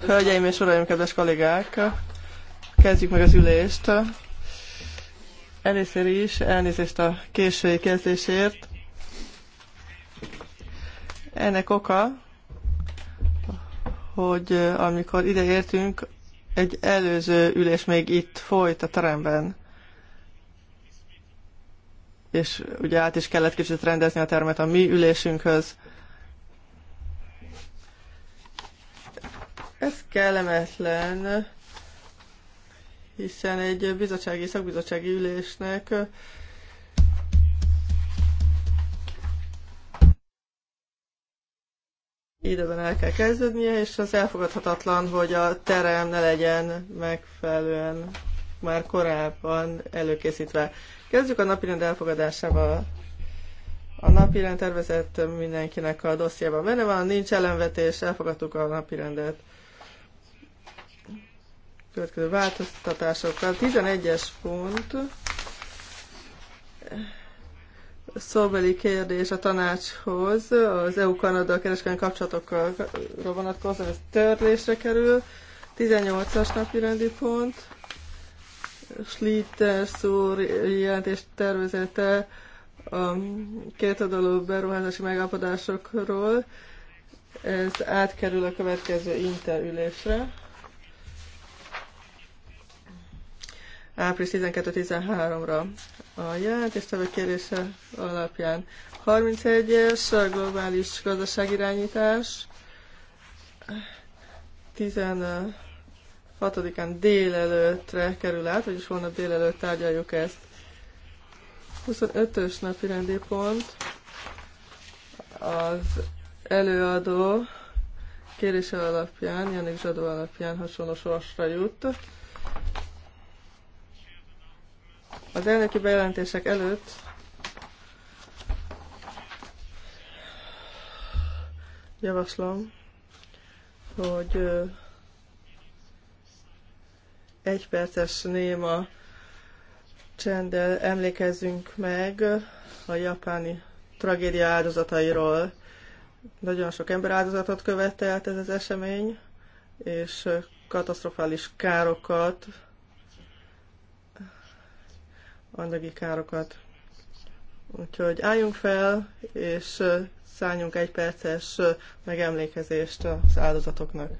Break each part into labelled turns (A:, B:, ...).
A: Hölgyeim és uraim, kedves kollégák! Kezdjük meg az ülést. Először is elnézést a késői kezdésért. Ennek oka, hogy amikor ide értünk, egy előző ülés még itt folyt a teremben. És ugye át is kellett kicsit rendezni a termet a mi ülésünkhöz Ez kellemetlen, hiszen egy bizottsági, szakbizottsági ülésnek időben el kell kezdődnie, és az elfogadhatatlan, hogy a terem ne legyen megfelelően már korábban előkészítve. Kezdjük a napirend elfogadásával. A napirend tervezett mindenkinek a dossziában benne van, nincs ellenvetés, elfogadtuk a napirendet következő változtatásokkal 11-es pont szóbeli kérdés a tanácshoz az EU-Kanada kereskedelmi kapcsolatokra vonatkozóan, ez törlésre kerül. 18-as napi rendi pont. Schlitter szúr jelentés tervezete a kétoldalú beruházási megállapodásokról. Ez átkerül a következő interülésre. április 12-13-ra. A jelentéstevő kérése alapján 31-es globális gazdaságirányítás 16-án délelőttre kerül át, vagyis holnap délelőtt tárgyaljuk ezt. 25-ös napi rendi pont az előadó kérése alapján, Janik Zsadó alapján hasonló sorsra jut. Az elnöki bejelentések előtt javaslom, hogy egy perces néma csenddel emlékezzünk meg a japáni tragédia áldozatairól. Nagyon sok ember áldozatot követelt ez az esemény, és katasztrofális károkat anyagi károkat. Úgyhogy álljunk fel, és szálljunk egy perces megemlékezést az áldozatoknak.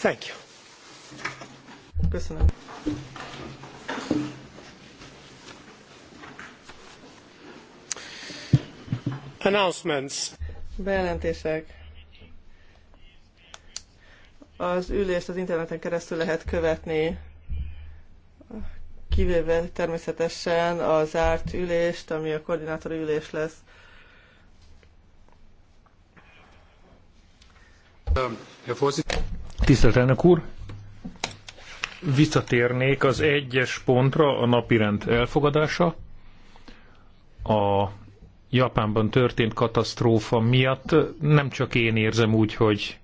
A: Thank you. Köszönöm.
B: Announcements.
A: Bejelentések. Az ülést az interneten keresztül lehet követni, kivéve természetesen a zárt ülést, ami a koordinátori ülés lesz.
B: Tisztelt elnök úr! Visszatérnék az egyes pontra a napirend elfogadása. A Japánban történt katasztrófa miatt nem csak én érzem úgy, hogy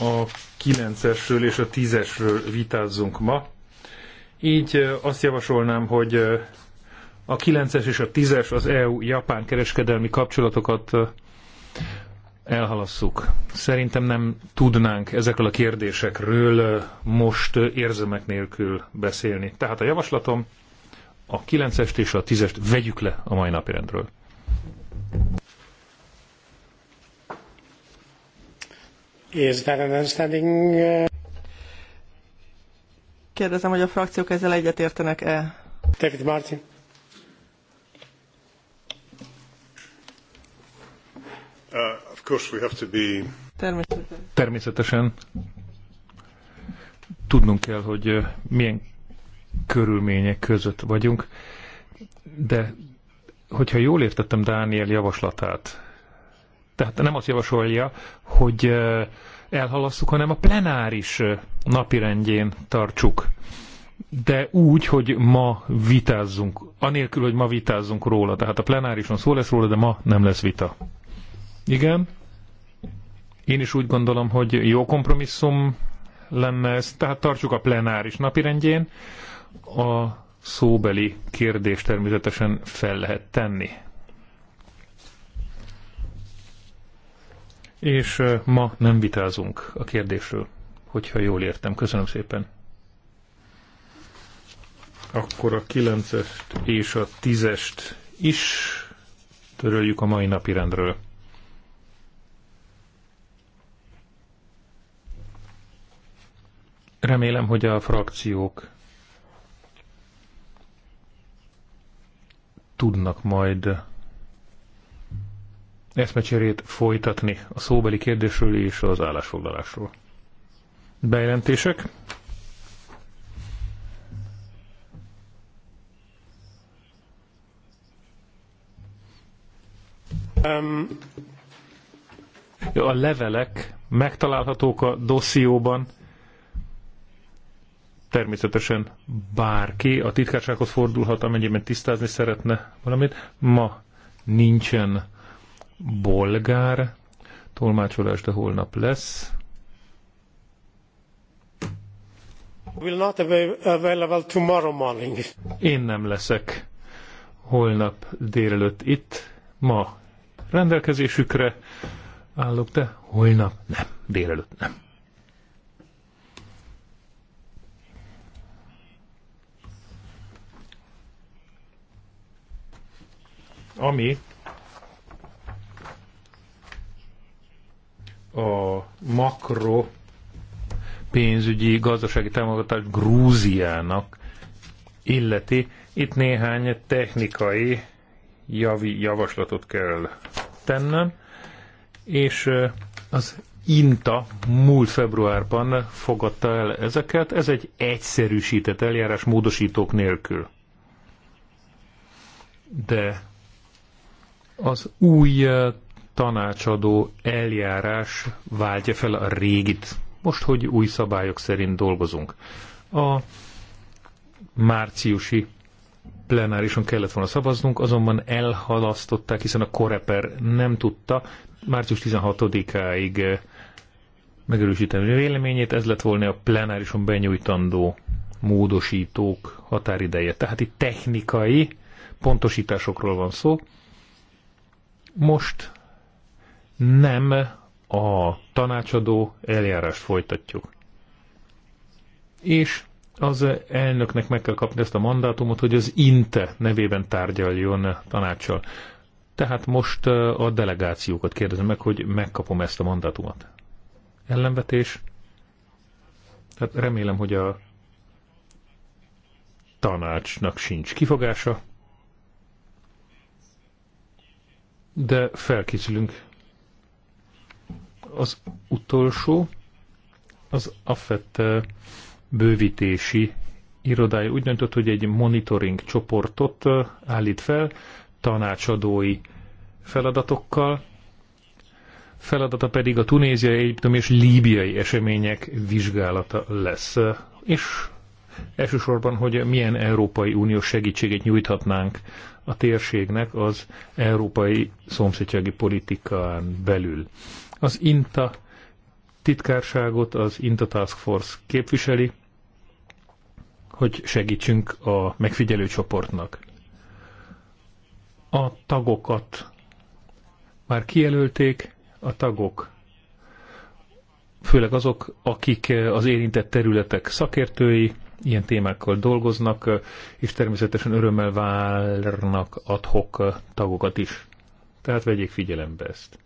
B: a 9-esről és a 10-esről vitázzunk ma. Így azt javasolnám, hogy a 9-es és a 10-es az EU-Japán kereskedelmi kapcsolatokat elhalasszuk. Szerintem nem tudnánk ezekről a kérdésekről most érzemek nélkül beszélni. Tehát a javaslatom, a 9-est és a 10-est vegyük le a mai napirendről. Is understanding? Uh,
A: Kérdezem, hogy a frakciók ezzel egyetértenek-e? David Martin.
B: Uh, of course we have to be...
A: Természetesen.
B: Természetesen. Tudnunk kell, hogy uh, milyen körülmények között vagyunk, de hogyha jól értettem Dániel javaslatát, tehát nem azt javasolja, hogy elhalasszuk, hanem a plenáris napirendjén tartsuk. De úgy, hogy ma vitázzunk, anélkül, hogy ma vitázzunk róla. Tehát a plenárison szó lesz róla, de ma nem lesz vita. Igen? Én is úgy gondolom, hogy jó kompromisszum lenne ez, tehát tartsuk a plenáris napirendjén, a szóbeli kérdés természetesen fel lehet tenni. És ma nem vitázunk a kérdésről, hogyha jól értem. Köszönöm szépen. Akkor a 9 és a 10-est is töröljük a mai napi rendről. Remélem, hogy a frakciók tudnak majd eszmecserét folytatni a szóbeli kérdésről és az állásfoglalásról. Bejelentések? Um. A levelek megtalálhatók a dosszióban, természetesen bárki a titkársághoz fordulhat, amennyiben tisztázni szeretne valamit. Ma nincsen bolgár tolmácsolás, de holnap lesz. Will not available tomorrow morning. Én nem leszek holnap délelőtt itt. Ma rendelkezésükre állok, de holnap nem, délelőtt nem. ami a makro pénzügyi gazdasági támogatást Grúziának illeti. Itt néhány technikai javi javaslatot kell tennem, és az INTA múlt februárban fogadta el ezeket. Ez egy egyszerűsített eljárás módosítók nélkül. De az új tanácsadó eljárás váltja fel a régit, most, hogy új szabályok szerint dolgozunk. A márciusi plenárison kellett volna szavaznunk, azonban elhalasztották, hiszen a Koreper nem tudta március 16-áig megerősíteni a véleményét, ez lett volna a plenárison benyújtandó módosítók határideje. Tehát itt technikai pontosításokról van szó, most nem a tanácsadó eljárást folytatjuk. És az elnöknek meg kell kapni ezt a mandátumot, hogy az INTE nevében tárgyaljon tanácssal. Tehát most a delegációkat kérdezem meg, hogy megkapom ezt a mandátumot. Ellenvetés? Tehát remélem, hogy a tanácsnak sincs kifogása. de felkészülünk. Az utolsó, az AFET eh, bővítési irodája úgy döntött, hogy egy monitoring csoportot eh, állít fel tanácsadói feladatokkal, feladata pedig a tunéziai, egyiptomi és líbiai események vizsgálata lesz. És elsősorban, hogy milyen Európai Uniós segítséget nyújthatnánk a térségnek az európai szomszédsági politikán belül. Az INTA titkárságot az INTA Task Force képviseli, hogy segítsünk a megfigyelő csoportnak. A tagokat már kijelölték, a tagok főleg azok, akik az érintett területek szakértői, ilyen témákkal dolgoznak, és természetesen örömmel várnak adhok tagokat is. Tehát vegyék figyelembe ezt.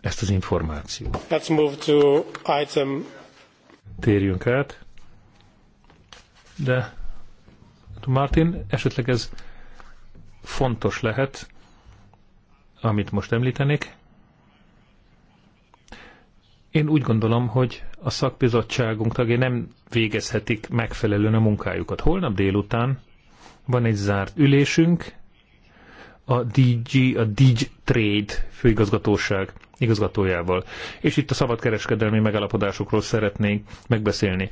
B: Ezt az információt. Let's move to item. Térjünk át. De Martin, esetleg ez fontos lehet, amit most említenék. Én úgy gondolom, hogy a szakbizottságunk tagjai nem végezhetik megfelelően a munkájukat. Holnap délután van egy zárt ülésünk, a DG, a DG Trade főigazgatóság igazgatójával. És itt a szabadkereskedelmi megállapodásokról szeretnénk megbeszélni.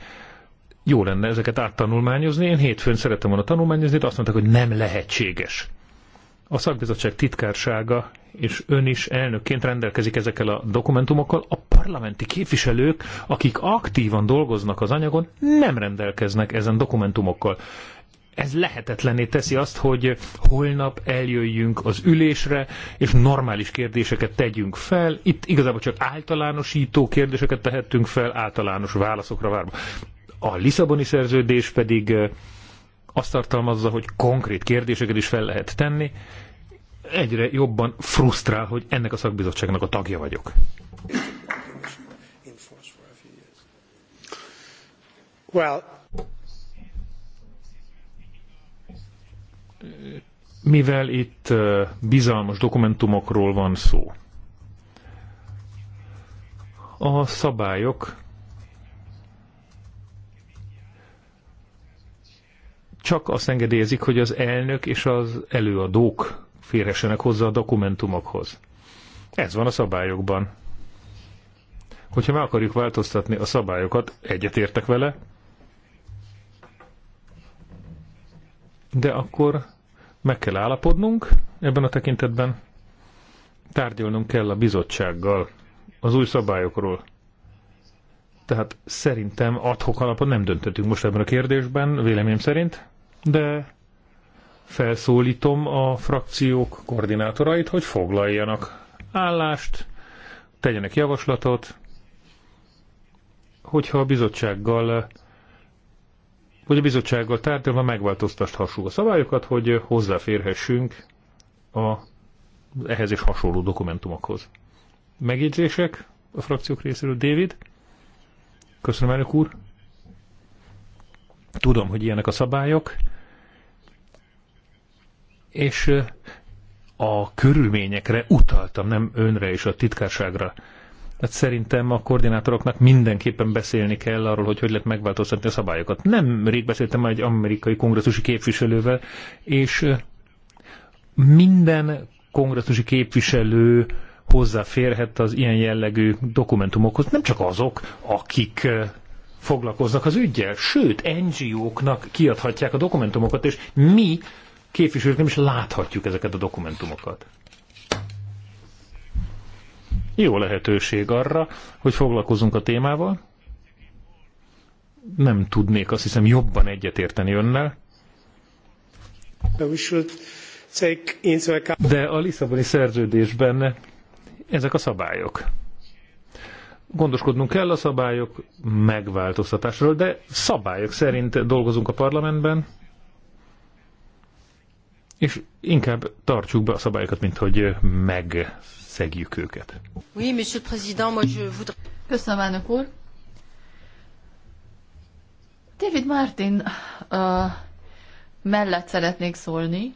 B: Jó lenne ezeket áttanulmányozni. Én hétfőn szerettem volna tanulmányozni, de azt mondták, hogy nem lehetséges a szakbizottság titkársága és ön is elnökként rendelkezik ezekkel a dokumentumokkal, a parlamenti képviselők, akik aktívan dolgoznak az anyagon, nem rendelkeznek ezen dokumentumokkal. Ez lehetetlené teszi azt, hogy holnap eljöjjünk az ülésre, és normális kérdéseket tegyünk fel. Itt igazából csak általánosító kérdéseket tehettünk fel, általános válaszokra várva. A Lisszaboni szerződés pedig azt tartalmazza, hogy konkrét kérdéseket is fel lehet tenni. Egyre jobban frusztrál, hogy ennek a szakbizottságnak a tagja vagyok. Well. Mivel itt bizalmas dokumentumokról van szó, a szabályok csak azt engedélyezik, hogy az elnök és az előadók férhessenek hozzá a dokumentumokhoz. Ez van a szabályokban. Hogyha meg akarjuk változtatni a szabályokat, egyetértek vele, de akkor meg kell állapodnunk ebben a tekintetben, tárgyalnunk kell a bizottsággal az új szabályokról. Tehát szerintem adhok alapon nem döntöttünk most ebben a kérdésben, véleményem szerint de felszólítom a frakciók koordinátorait, hogy foglaljanak állást, tegyenek javaslatot, hogyha a bizottsággal hogy a bizottsággal tárgyalva megváltoztast hasonló szabályokat, hogy hozzáférhessünk a ehhez is hasonló dokumentumokhoz. Megjegyzések a frakciók részéről. David? Köszönöm, elnök úr. Tudom, hogy ilyenek a szabályok, és a körülményekre utaltam, nem önre és a titkárságra. Hát szerintem a koordinátoroknak mindenképpen beszélni kell arról, hogy hogy lehet megváltoztatni a szabályokat. Nem rég beszéltem egy amerikai kongresszusi képviselővel, és minden kongresszusi képviselő hozzáférhet az ilyen jellegű dokumentumokhoz, nem csak azok, akik foglalkoznak az ügyel, sőt, NGO-knak kiadhatják a dokumentumokat, és mi képviselők nem is láthatjuk ezeket a dokumentumokat. Jó lehetőség arra, hogy foglalkozunk a témával. Nem tudnék azt hiszem jobban egyetérteni önnel. De a Lisszaboni szerződésben ezek a szabályok gondoskodnunk kell a szabályok megváltoztatásról, de szabályok szerint dolgozunk a parlamentben, és inkább tartsuk be a szabályokat, mint hogy megszegjük őket. Oui, monsieur le président, moi je voudrais...
C: Köszönöm, elnök úr. David Martin uh, mellett szeretnék szólni.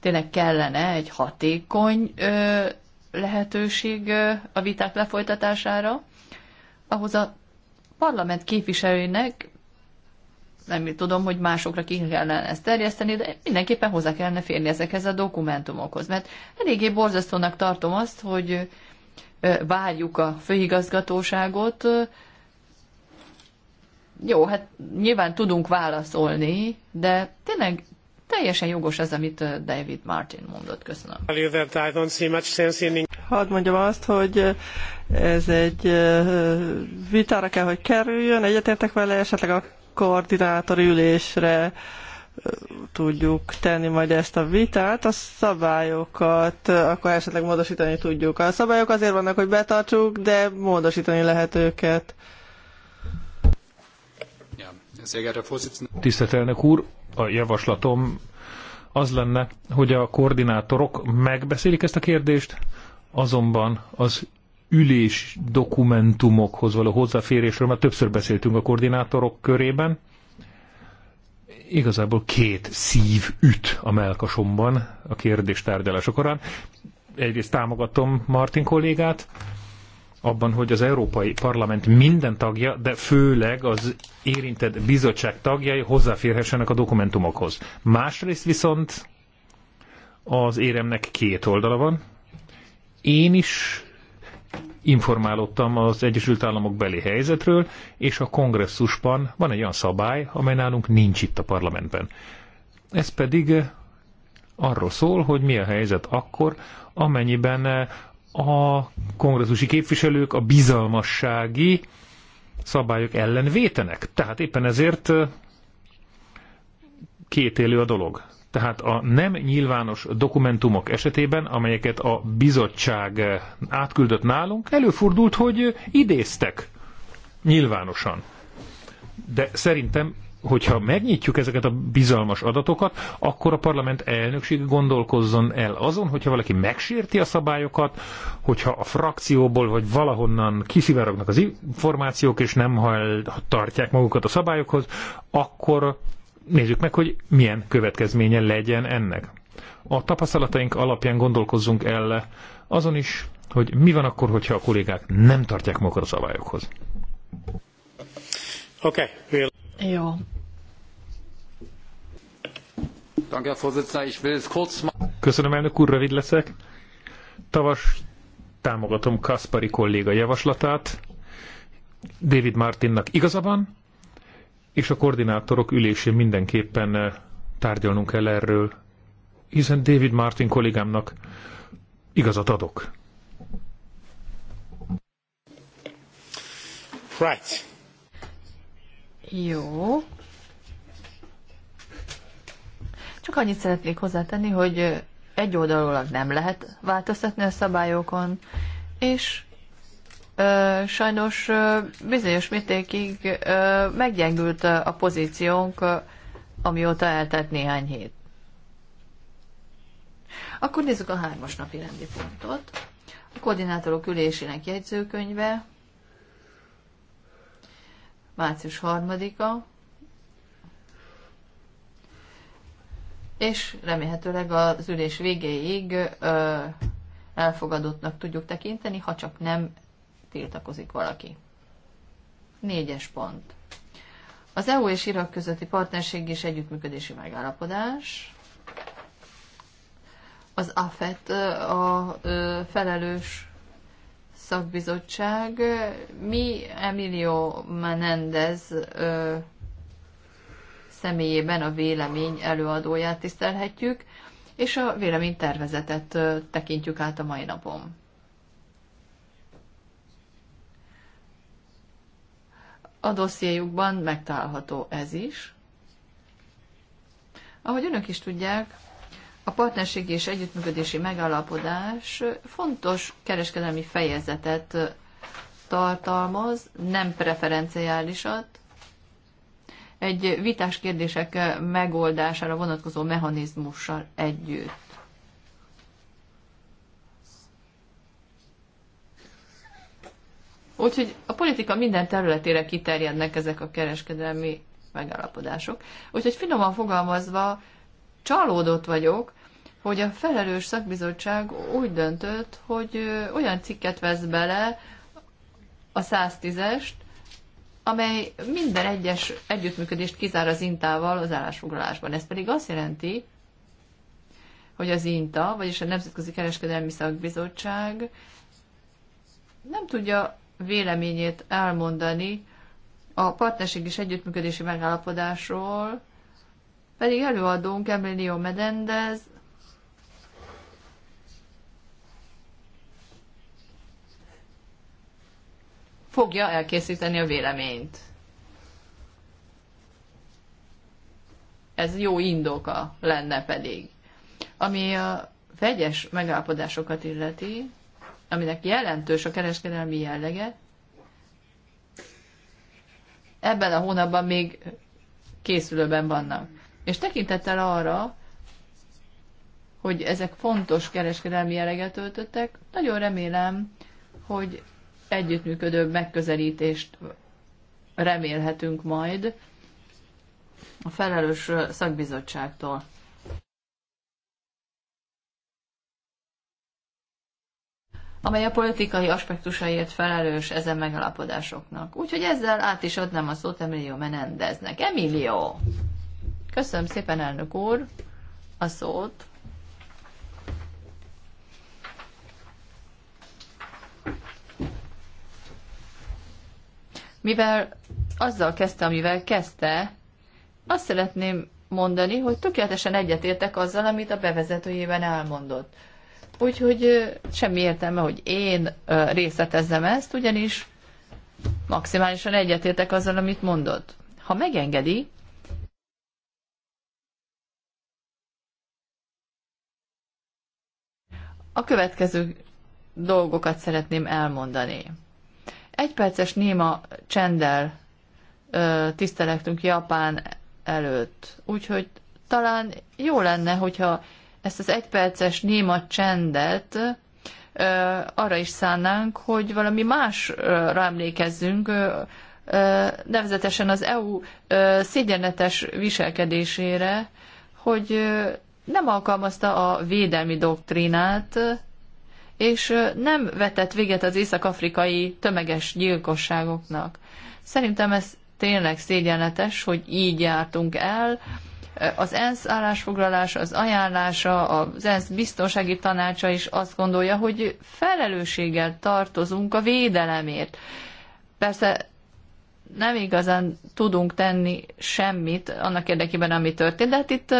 C: Tényleg kellene egy hatékony uh, lehetőség a viták lefolytatására, ahhoz a parlament képviselőinek, nem tudom, hogy másokra ki kellene ezt terjeszteni, de mindenképpen hozzá kellene férni ezekhez a dokumentumokhoz, mert eléggé borzasztónak tartom azt, hogy várjuk a főigazgatóságot. Jó, hát nyilván tudunk válaszolni, de tényleg Teljesen jogos az, amit
A: David Martin mondott. Köszönöm. Hadd mondjam azt, hogy ez egy vitára kell, hogy kerüljön, egyetértek vele, esetleg a koordinátor ülésre tudjuk tenni majd ezt a vitát, a szabályokat akkor esetleg módosítani tudjuk. A szabályok azért vannak, hogy betartsuk, de módosítani lehet őket.
B: Tisztelt elnök úr, a javaslatom az lenne, hogy a koordinátorok megbeszélik ezt a kérdést, azonban az ülés dokumentumokhoz való hozzáférésről már többször beszéltünk a koordinátorok körében. Igazából két szív üt a melkasomban a kérdés tárgyalása során. Egyrészt támogatom Martin kollégát, abban, hogy az Európai Parlament minden tagja, de főleg az érintett bizottság tagjai hozzáférhessenek a dokumentumokhoz. Másrészt viszont az éremnek két oldala van. Én is informálódtam az Egyesült Államok beli helyzetről, és a kongresszusban van egy olyan szabály, amely nálunk nincs itt a parlamentben. Ez pedig arról szól, hogy mi a helyzet akkor, amennyiben a kongresszusi képviselők a bizalmassági szabályok ellen vétenek. Tehát éppen ezért kétélő a dolog. Tehát a nem nyilvános dokumentumok esetében, amelyeket a bizottság átküldött nálunk, előfordult, hogy idéztek nyilvánosan. De szerintem hogyha megnyitjuk ezeket a bizalmas adatokat, akkor a parlament elnökség gondolkozzon el azon, hogyha valaki megsérti a szabályokat, hogyha a frakcióból vagy valahonnan kiszivárognak az információk, és nem tartják magukat a szabályokhoz, akkor nézzük meg, hogy milyen következménye legyen ennek. A tapasztalataink alapján gondolkozzunk el azon is, hogy mi van akkor, hogyha a kollégák nem tartják magukat a szabályokhoz. Okay, Jó, Köszönöm, elnök úr, rövid leszek. Tavas támogatom Kaspari kolléga javaslatát. David Martinnak igaza van, és a koordinátorok ülésén mindenképpen eh, tárgyalnunk kell erről, hiszen David Martin kollégámnak igazat adok. Right.
C: Jó, csak annyit szeretnék hozzátenni, hogy egy oldalulag nem lehet változtatni a szabályokon, és ö, sajnos ö, bizonyos mértékig ö, meggyengült a pozíciónk, ö, amióta eltelt néhány hét. Akkor nézzük a hármas napi rendi pontot. A koordinátorok ülésének jegyzőkönyve, március harmadika. és remélhetőleg az ülés végéig ö, elfogadottnak tudjuk tekinteni, ha csak nem tiltakozik valaki. Négyes pont. Az EU és Irak közötti partnerség és együttműködési megállapodás. Az AFET a e felelős szakbizottság. Mi Emilio Menendez személyében a vélemény előadóját tisztelhetjük, és a véleménytervezetet tekintjük át a mai napon. A dossziéjukban megtalálható ez is. Ahogy önök is tudják, a partnerségi és együttműködési megállapodás fontos kereskedelmi fejezetet tartalmaz, nem preferenciálisat, egy vitás kérdések megoldására vonatkozó mechanizmussal együtt. Úgyhogy a politika minden területére kiterjednek ezek a kereskedelmi megállapodások. Úgyhogy finoman fogalmazva csalódott vagyok, hogy a felelős szakbizottság úgy döntött, hogy olyan cikket vesz bele, a 110-est, amely minden egyes együttműködést kizár az Intával az állásfoglalásban. Ez pedig azt jelenti, hogy az INTA, vagyis a Nemzetközi Kereskedelmi Szakbizottság nem tudja véleményét elmondani a partnerség és együttműködési megállapodásról, pedig előadónk Emilio Medendez fogja elkészíteni a véleményt. Ez jó indoka lenne pedig. Ami a vegyes megállapodásokat illeti, aminek jelentős a kereskedelmi jellege, ebben a hónapban még készülőben vannak. És tekintettel arra, hogy ezek fontos kereskedelmi jelleget töltöttek, nagyon remélem, hogy együttműködő megközelítést remélhetünk majd a felelős szakbizottságtól. amely a politikai aspektusaiért felelős ezen megalapodásoknak. Úgyhogy ezzel át is adnám a szót Emilio Menendeznek. Emilio! Köszönöm szépen, elnök úr, a szót. mivel azzal kezdte, amivel kezdte, azt szeretném mondani, hogy tökéletesen egyetértek azzal, amit a bevezetőjében elmondott. Úgyhogy semmi értelme, hogy én részletezzem ezt, ugyanis maximálisan egyetértek azzal, amit mondott. Ha megengedi, a következő dolgokat szeretném elmondani. Egy perces néma csenddel tisztelektünk Japán előtt. Úgyhogy talán jó lenne, hogyha ezt az egyperces néma csendet ö, arra is szánnánk, hogy valami másra emlékezzünk, ö, ö, nevezetesen az EU ö, szégyenletes viselkedésére, hogy ö, nem alkalmazta a védelmi doktrínát, és nem vetett véget az észak-afrikai tömeges gyilkosságoknak. Szerintem ez tényleg szégyenletes, hogy így jártunk el. Az ENSZ állásfoglalása, az ajánlása, az ENSZ biztonsági tanácsa is azt gondolja, hogy felelősséggel tartozunk a védelemért. Persze nem igazán tudunk tenni semmit annak érdekében, ami történt, de hát itt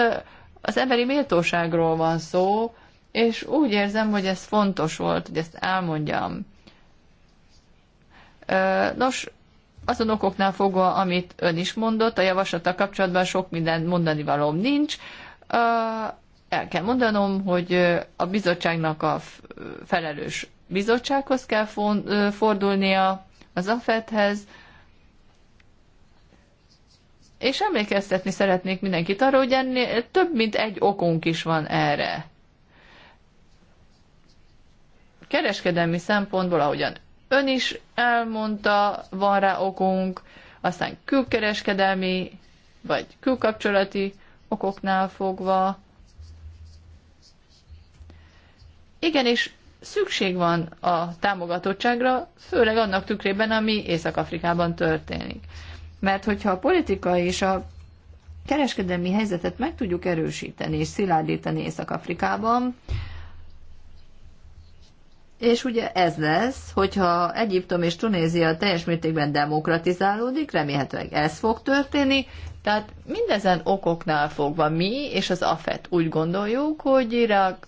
C: az emberi méltóságról van szó, és úgy érzem, hogy ez fontos volt, hogy ezt elmondjam. Nos, azon okoknál fogva, amit ön is mondott, a javaslata kapcsolatban sok minden mondani valóm nincs. El kell mondanom, hogy a bizottságnak a felelős bizottsághoz kell fordulnia, az AFET-hez, és emlékeztetni szeretnék mindenkit arra, hogy ennél több mint egy okunk is van erre kereskedelmi szempontból, ahogyan ön is elmondta, van rá okunk, aztán külkereskedelmi vagy külkapcsolati okoknál fogva. Igen, és szükség van a támogatottságra, főleg annak tükrében, ami Észak-Afrikában történik. Mert hogyha a politika és a kereskedelmi helyzetet meg tudjuk erősíteni és szilárdítani Észak-Afrikában, és ugye ez lesz, hogyha Egyiptom és Tunézia teljes mértékben demokratizálódik, remélhetőleg ez fog történni, tehát mindezen okoknál fogva mi és az AFET úgy gondoljuk, hogy Irak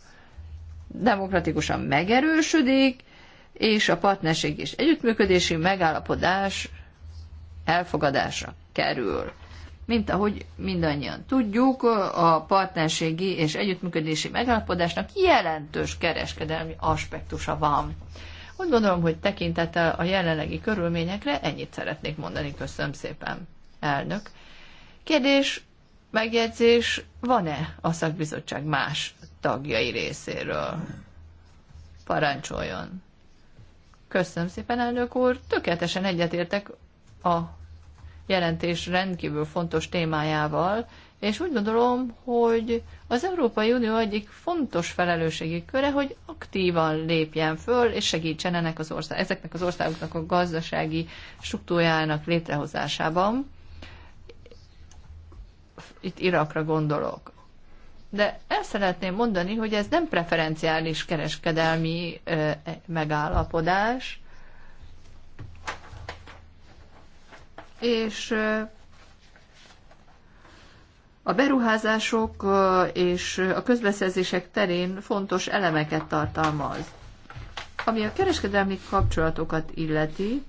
C: demokratikusan megerősödik, és a partnerség és együttműködési megállapodás elfogadásra kerül. Mint ahogy mindannyian tudjuk, a partnerségi és együttműködési megállapodásnak jelentős kereskedelmi aspektusa van. Úgy gondolom, hogy tekintettel a jelenlegi körülményekre ennyit szeretnék mondani. Köszönöm szépen, elnök. Kérdés, megjegyzés, van-e a szakbizottság más tagjai részéről? Parancsoljon. Köszönöm szépen, elnök úr. Tökéletesen egyetértek a jelentés rendkívül fontos témájával, és úgy gondolom, hogy az Európai Unió egyik fontos felelősségi köre, hogy aktívan lépjen föl, és segítsen ennek az ország, ezeknek az országoknak a gazdasági struktúrájának létrehozásában. Itt Irakra gondolok. De el szeretném mondani, hogy ez nem preferenciális kereskedelmi megállapodás, és a beruházások és a közbeszerzések terén fontos elemeket tartalmaz. Ami a kereskedelmi kapcsolatokat illeti,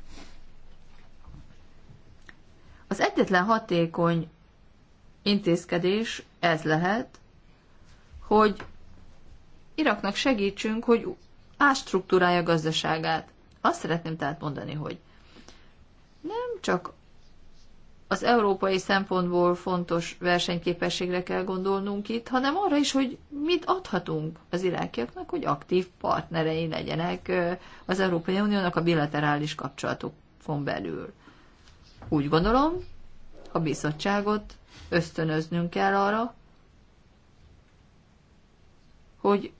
C: az egyetlen hatékony intézkedés ez lehet, hogy Iraknak segítsünk, hogy ástruktúrálja gazdaságát. Azt szeretném tehát mondani, hogy nem csak az európai szempontból fontos versenyképességre kell gondolnunk itt, hanem arra is, hogy mit adhatunk az irákiaknak, hogy aktív partnerei legyenek az Európai Uniónak a bilaterális kapcsolatokon belül. Úgy gondolom, a bizottságot ösztönöznünk kell arra, hogy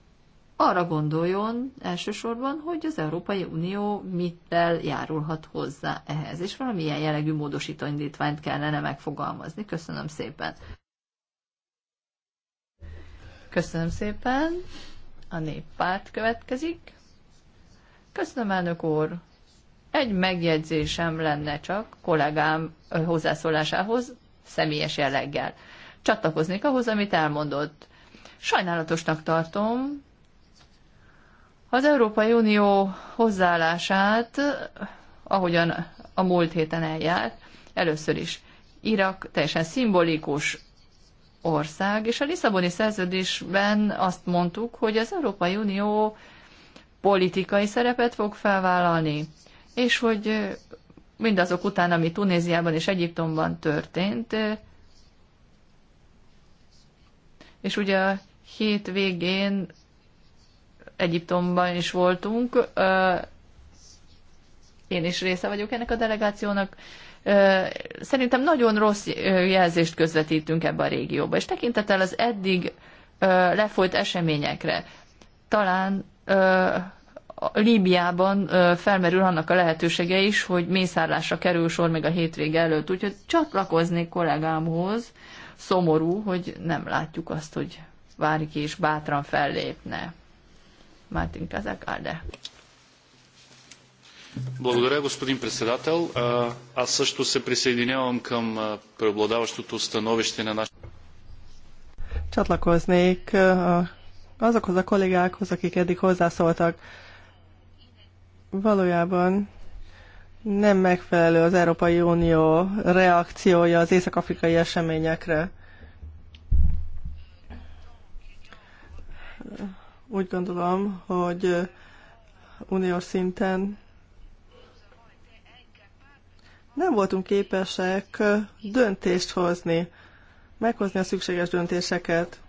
C: arra gondoljon elsősorban, hogy az Európai Unió mitel járulhat hozzá ehhez, és valamilyen jellegű módosító indítványt kellene megfogalmazni. Köszönöm szépen. Köszönöm szépen. A néppárt következik. Köszönöm, elnök úr. Egy megjegyzésem lenne csak kollégám hozzászólásához, személyes jelleggel. Csatlakoznék ahhoz, amit elmondott. Sajnálatosnak tartom, az Európai Unió hozzáállását, ahogyan a múlt héten eljárt, először is Irak teljesen szimbolikus ország, és a Lisszaboni szerződésben azt mondtuk, hogy az Európai Unió politikai szerepet fog felvállalni, és hogy mindazok után, ami Tunéziában és Egyiptomban történt, és ugye a hét végén Egyiptomban is voltunk. Én is része vagyok ennek a delegációnak. Szerintem nagyon rossz jelzést közvetítünk ebbe a régióba, és tekintettel az eddig lefolyt eseményekre. Talán Líbiában felmerül annak a lehetősége is, hogy mészárlásra kerül sor még a hétvége előtt. Úgyhogy csatlakoznék kollégámhoz, szomorú, hogy nem látjuk azt, hogy várik és bátran fellépne. Мартин Казак, Алде.
B: Благодаря, господин председател. Аз също се присъединявам към преобладаващото становище на нашата...
A: Csatlakoznék azokhoz a kollégákhoz, akik eddig hozzászóltak. Valójában nem megfelelő az Európai Unió reakciója az észak-afrikai eseményekre. Úgy gondolom, hogy uniós szinten nem voltunk képesek döntést hozni, meghozni a szükséges döntéseket.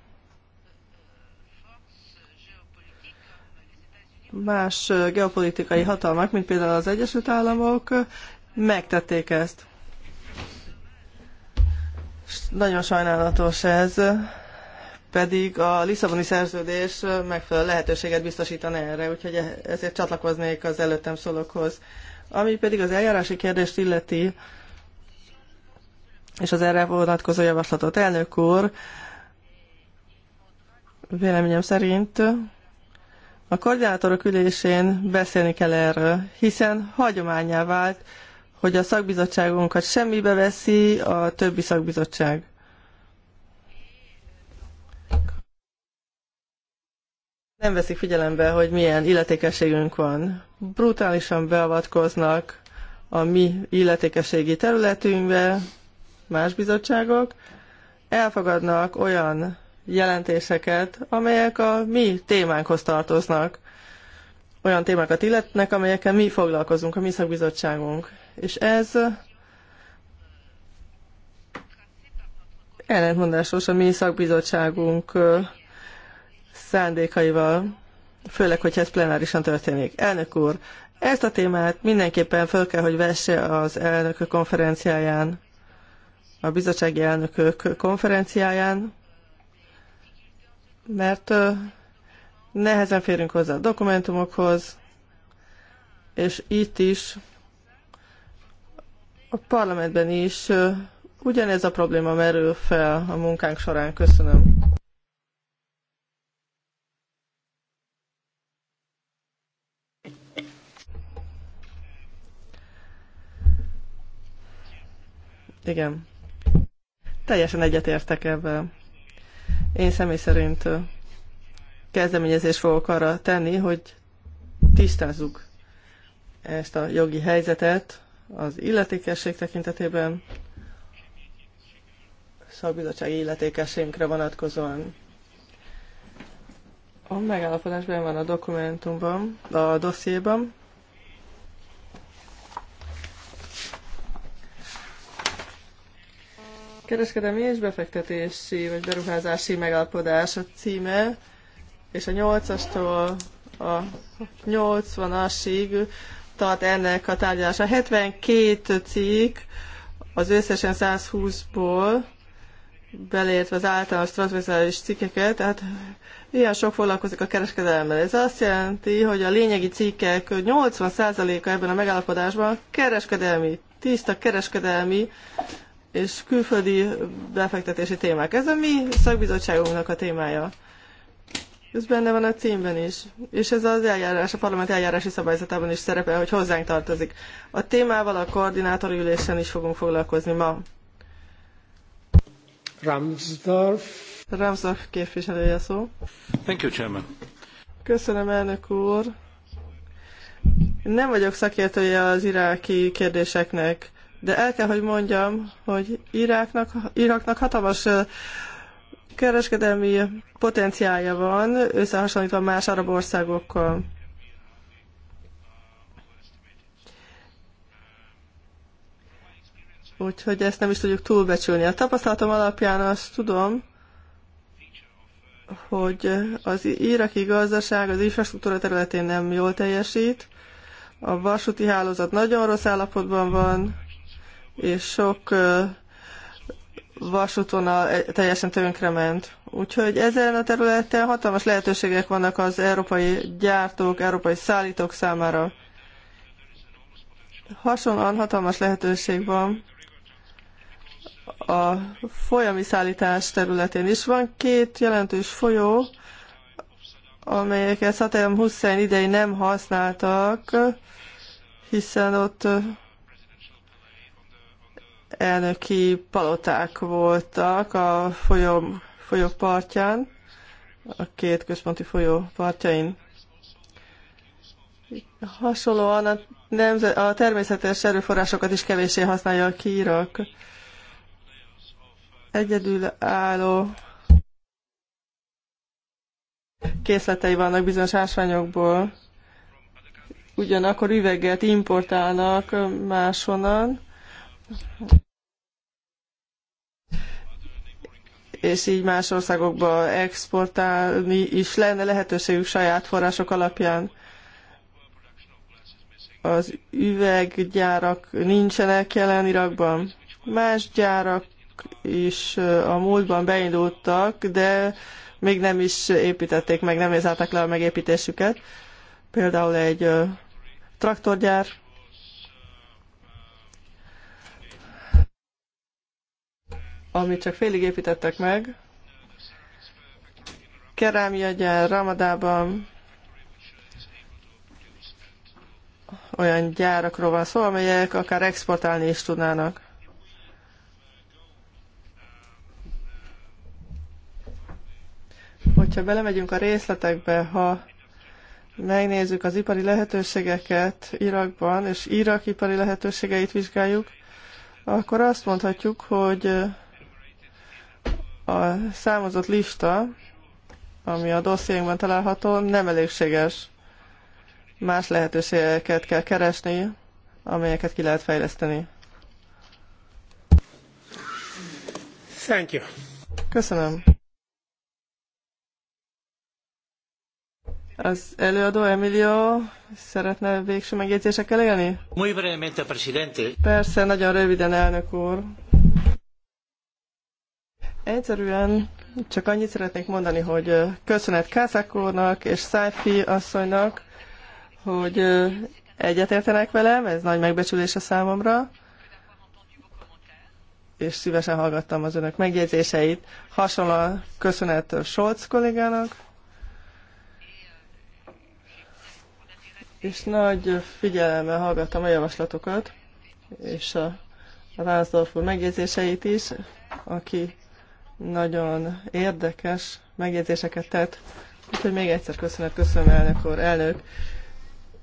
A: Más geopolitikai hatalmak, mint például az Egyesült Államok, megtették ezt. Nagyon sajnálatos ez, pedig a Lisszaboni szerződés megfelelő lehetőséget biztosítan erre, úgyhogy e- ezért csatlakoznék az előttem szólókhoz. Ami pedig az eljárási kérdést illeti, és az erre vonatkozó javaslatot elnök úr, véleményem szerint a koordinátorok ülésén beszélni kell erről, hiszen hagyományá vált, hogy a szakbizottságunkat semmibe veszi a többi szakbizottság. nem veszik figyelembe, hogy milyen illetékességünk van. Brutálisan beavatkoznak a mi illetékességi területünkbe más bizottságok, elfogadnak olyan jelentéseket, amelyek a mi témánkhoz tartoznak. Olyan témákat illetnek, amelyekkel mi foglalkozunk, a mi szakbizottságunk. És ez ellentmondásos a mi szakbizottságunk szándékaival, főleg, hogyha ez plenárisan történik. Elnök úr, ezt a témát mindenképpen föl kell, hogy vesse az elnökök konferenciáján, a bizottsági elnökök konferenciáján, mert nehezen férünk hozzá a dokumentumokhoz, és itt is, a parlamentben is ugyanez a probléma merül fel a munkánk során. Köszönöm. Igen. Teljesen egyetértek ebben. Én személy szerint kezdeményezést fogok arra tenni, hogy tisztázzuk ezt a jogi helyzetet az illetékesség tekintetében, szakbizottsági illetékességünkre vonatkozóan. A megállapodásban van a dokumentumban, a dossziéban, Kereskedelmi és befektetési vagy beruházási megalapodás a címe, és a 8-astól a 80-asig tart ennek a tárgyalása. 72 cikk az összesen 120-ból, beleértve az általános transverzális cikkeket, tehát ilyen sok foglalkozik a kereskedelemmel. Ez azt jelenti, hogy a lényegi cikkek 80%-a ebben a megállapodásban kereskedelmi, tiszta kereskedelmi és külföldi befektetési témák. Ez a mi szakbizottságunknak a témája. Ez benne van a címben is. És ez az eljárás, a parlament eljárási szabályzatában is szerepel, hogy hozzánk tartozik. A témával a koordinátori ülésen is fogunk foglalkozni ma. Ramsdorf. Ramsdorf képviselője szó.
B: Thank you, Chairman.
A: Köszönöm, elnök úr. Nem vagyok szakértője az iráki kérdéseknek de el kell, hogy mondjam, hogy Iráknak Iraknak hatalmas kereskedelmi potenciálja van, összehasonlítva más arab országokkal. Úgyhogy ezt nem is tudjuk túlbecsülni. A tapasztalatom alapján azt tudom, hogy az iraki gazdaság az infrastruktúra területén nem jól teljesít, a vasúti hálózat nagyon rossz állapotban van, és sok vasútvonal e, teljesen tönkrement. Úgyhogy ezen a területen hatalmas lehetőségek vannak az európai gyártók, európai szállítók számára. Hasonlóan hatalmas lehetőség van a folyami szállítás területén is. Van két jelentős folyó, amelyeket Saddam Hussein idei nem használtak, hiszen ott elnöki paloták voltak a folyó, folyó partján, a két központi folyó partjain. Hasonlóan a, nemze- a természetes erőforrásokat is kevéssé használja a kírak. Egyedülálló készletei vannak bizonyos ásványokból. Ugyanakkor üveget importálnak máshonnan. és így más országokba exportálni is lenne lehetőségük saját források alapján. Az üveggyárak nincsenek jelen Irakban. Más gyárak is eh, a múltban beindultak, de még nem is építették meg, nem zárták le a megépítésüket. Például egy eh, traktorgyár amit csak félig építettek meg, kerámiagyár Ramadában olyan gyárakról van szó, amelyek akár exportálni is tudnának. Hogyha belemegyünk a részletekbe, ha megnézzük az ipari lehetőségeket Irakban, és Irak ipari lehetőségeit vizsgáljuk, akkor azt mondhatjuk, hogy a számozott lista, ami a dossziénkben található, nem elégséges. Más lehetőségeket kell keresni, amelyeket ki lehet fejleszteni. Thank you. Köszönöm. Az előadó Emilio szeretne végső megjegyzésekkel élni?
C: Muy brevemente, presidente.
A: Persze, nagyon röviden, elnök úr. Egyszerűen csak annyit szeretnék mondani, hogy köszönet Kászák úrnak és Szájfi asszonynak, hogy egyetértenek velem, ez nagy megbecsülés a számomra, és szívesen hallgattam az önök megjegyzéseit. Hasonló köszönet Scholz kollégának, és nagy figyelemmel hallgattam a javaslatokat, és a Lánzdorf úr megjegyzéseit is, aki nagyon érdekes megjegyzéseket tett. Úgyhogy még egyszer köszönet, köszönöm elnök úr, elnök.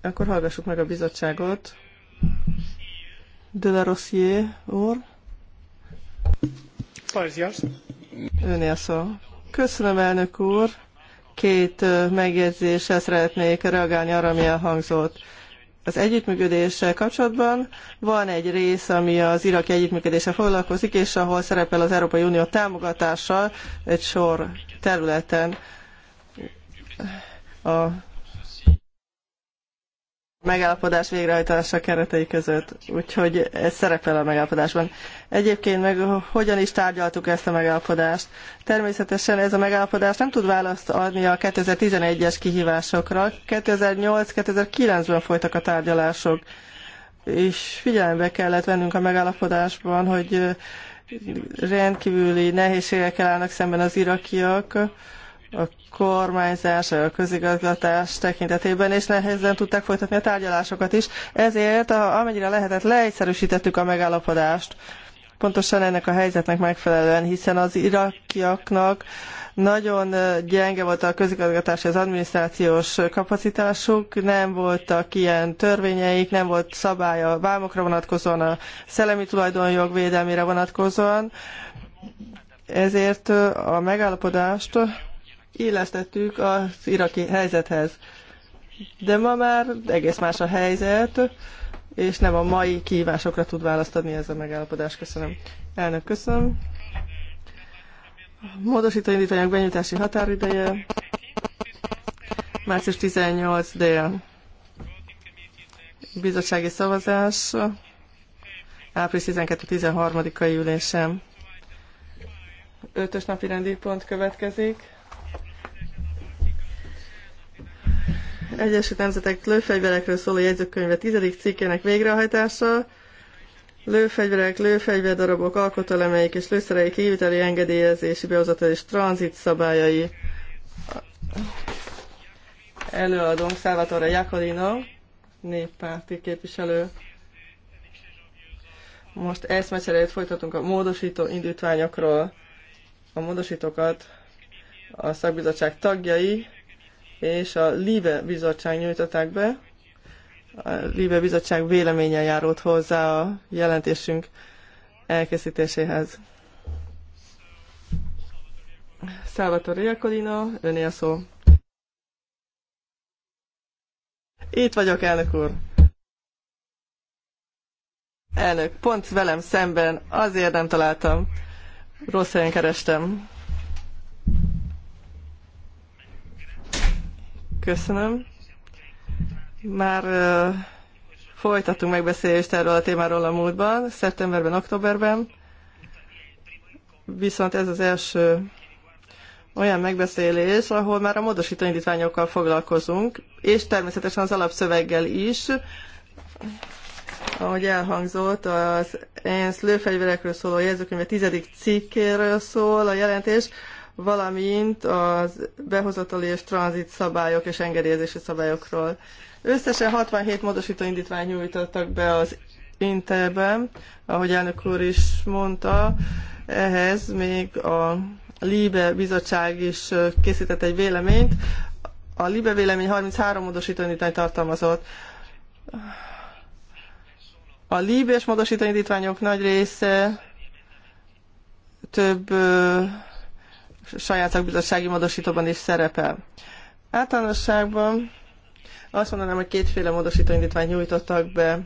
A: Akkor hallgassuk meg a bizottságot. De la Rossier úr. Önél szó. Köszönöm, elnök úr. Két megjegyzéssel szeretnék reagálni arra, ami elhangzott az együttműködéssel kapcsolatban van egy rész, ami az iraki együttműködéssel foglalkozik, és ahol szerepel az Európai Unió támogatása egy sor területen. A megállapodás végrehajtása keretei között. Úgyhogy ez szerepel a megállapodásban. Egyébként meg hogyan is tárgyaltuk ezt a megállapodást? Természetesen ez a megállapodás nem tud választ adni a 2011-es kihívásokra. 2008-2009-ben folytak a tárgyalások, és figyelembe kellett vennünk a megállapodásban, hogy rendkívüli nehézségekkel állnak szemben az irakiak, a kormányzás, a közigazgatás tekintetében, és nehezen tudták folytatni a tárgyalásokat is. Ezért, amennyire lehetett, leegyszerűsítettük a megállapodást. Pontosan ennek a helyzetnek megfelelően, hiszen az irakiaknak nagyon gyenge volt a közigazgatási, az adminisztrációs kapacitásuk, nem voltak ilyen törvényeik, nem volt szabály a vámokra vonatkozóan, a szellemi tulajdonjog védelmére vonatkozóan. Ezért a megállapodást illesztettük az iraki helyzethez. De ma már egész más a helyzet, és nem a mai kívásokra tud választani ez a megállapodás. Köszönöm. Elnök, köszönöm. Módosító indítványok benyújtási határideje. Március 18 dél. Bizottsági szavazás. Április 12-13-ai ülésem. Ötös napi rendi pont következik. Egyesült Nemzetek lőfegyverekről szóló jegyzőkönyve tizedik cikkének végrehajtása, lőfegyverek, lőfegyverdarabok, alkotóelemeik és lőszerei kiviteli engedélyezési, behozatal és tranzit szabályai. Előadom Salvatore Jacolino, néppárti képviselő. Most eszmecserejét folytatunk a módosító indítványokról. A módosítókat a szakbizottság tagjai és a Líbe bizottság nyújtották be. A Líbe bizottság véleménye járult hozzá a jelentésünk elkészítéséhez. Salvatore Iacolino, öné a szó. Itt vagyok, elnök úr. Elnök, pont velem szemben, azért nem találtam. Rossz helyen kerestem. Köszönöm. Már uh, folytattunk megbeszélést erről a témáról a múltban, szeptemberben, októberben. Viszont ez az első olyan megbeszélés, ahol már a módosító indítványokkal foglalkozunk, és természetesen az alapszöveggel is, ahogy elhangzott, az ENSZ lőfegyverekről szóló jelzőkönyve tizedik cikkéről szól a jelentés, valamint az behozatali és tranzit szabályok és engedélyezési szabályokról. Összesen 67 módosító indítvány nyújtottak be az Interben, ahogy elnök úr is mondta, ehhez még a Libe bizottság is készített egy véleményt. A Libe vélemény 33 módosító indítvány tartalmazott. A Libes módosító indítványok nagy része több saját szakbizottsági módosítóban is szerepel. Általánosságban azt mondanám, hogy kétféle módosítóindítványt nyújtottak be.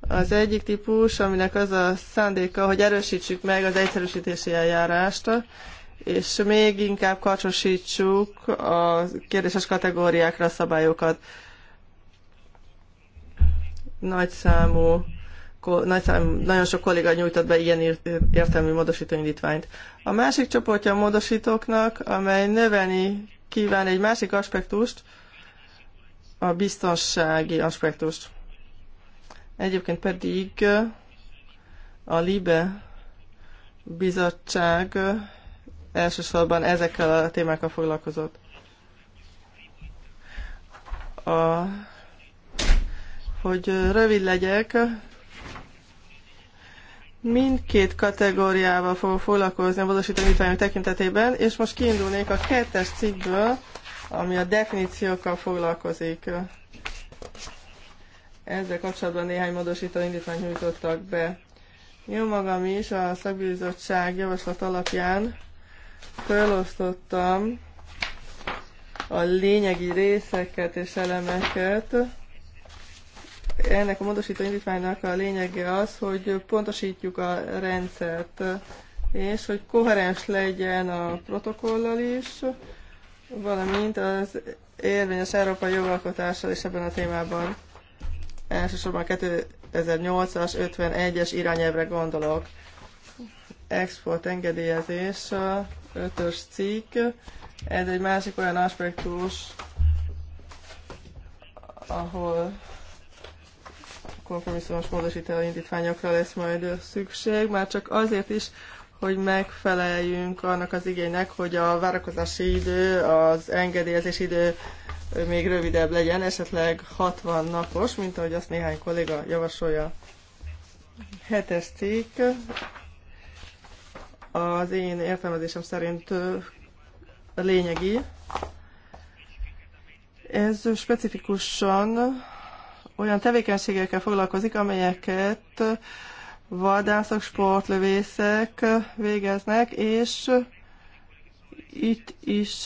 A: Az egyik típus, aminek az a szándéka, hogy erősítsük meg az egyszerűsítési eljárást, és még inkább kacsosítsuk a kérdéses kategóriákra a szabályokat. Nagyszámú nagy szám, nagyon sok kolléga nyújtott be ilyen értelmű módosítóindítványt. indítványt. A másik csoportja a módosítóknak, amely növelni kíván egy másik aspektust, a biztonsági aspektust. Egyébként pedig eh, a LIBE bizottság eh, elsősorban ezekkel a témákkal foglalkozott. A, hogy eh, rövid legyek, Mindkét kategóriával fogok foglalkozni a módosítanítványok tekintetében, és most kiindulnék a kettes cikkből, ami a definíciókkal foglalkozik. Ezzel kapcsolatban néhány módosító indítványt nyújtottak be. Jó magam is a szakbizottság javaslat alapján felosztottam a lényegi részeket és elemeket, ennek a módosító indítványnak a lényege az, hogy pontosítjuk a rendszert, és hogy koherens legyen a protokollal is, valamint az érvényes európai jogalkotással is ebben a témában. Elsősorban 2008-as 51-es irányelvre gondolok. Export engedélyezés, 5-ös cikk. Ez egy másik olyan aspektus, ahol kompromisszumos módosító indítványokra lesz majd szükség, már csak azért is, hogy megfeleljünk annak az igénynek, hogy a várakozási idő, az engedélyezés idő még rövidebb legyen, esetleg 60 napos, mint ahogy azt néhány kolléga javasolja. Hetes cikk. Az én értelmezésem szerint lényegi. Ez specifikusan olyan tevékenységekkel foglalkozik, amelyeket vadászok, sportlövészek végeznek, és itt is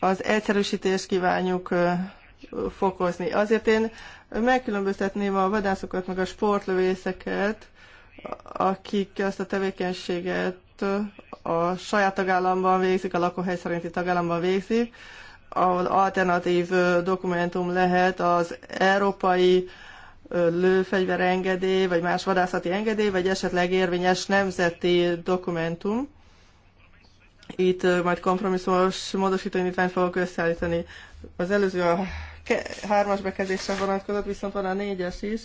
A: az egyszerűsítést kívánjuk fokozni. Azért én megkülönböztetném a vadászokat, meg a sportlövészeket, akik ezt a tevékenységet a saját tagállamban végzik, a lakóhely szerinti tagállamban végzik, ahol alternatív dokumentum lehet az európai lőfegyver engedély, vagy más vadászati engedély, vagy esetleg érvényes nemzeti dokumentum. Itt majd kompromisszumos módosító indítványt fogok összeállítani. Az előző a hármas bekezdésre vonatkozott, viszont van a négyes is,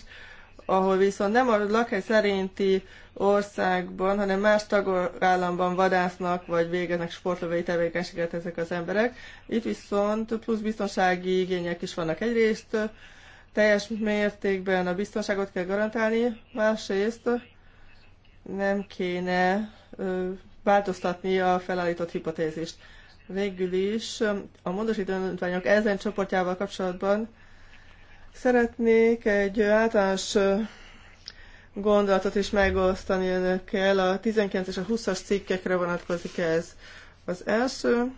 A: ahol viszont nem a lakhely szerinti országban, hanem más tagállamban vadásznak, vagy végeznek sportlövői tevékenységet ezek az emberek. Itt viszont plusz biztonsági igények is vannak. Egyrészt teljes mértékben a biztonságot kell garantálni, másrészt nem kéne változtatni a felállított hipotézist. Végül is a módosító ezen csoportjával kapcsolatban Szeretnék egy általános gondolatot is megosztani önökkel. A 19 és a 20-as cikkekre vonatkozik ez. Az első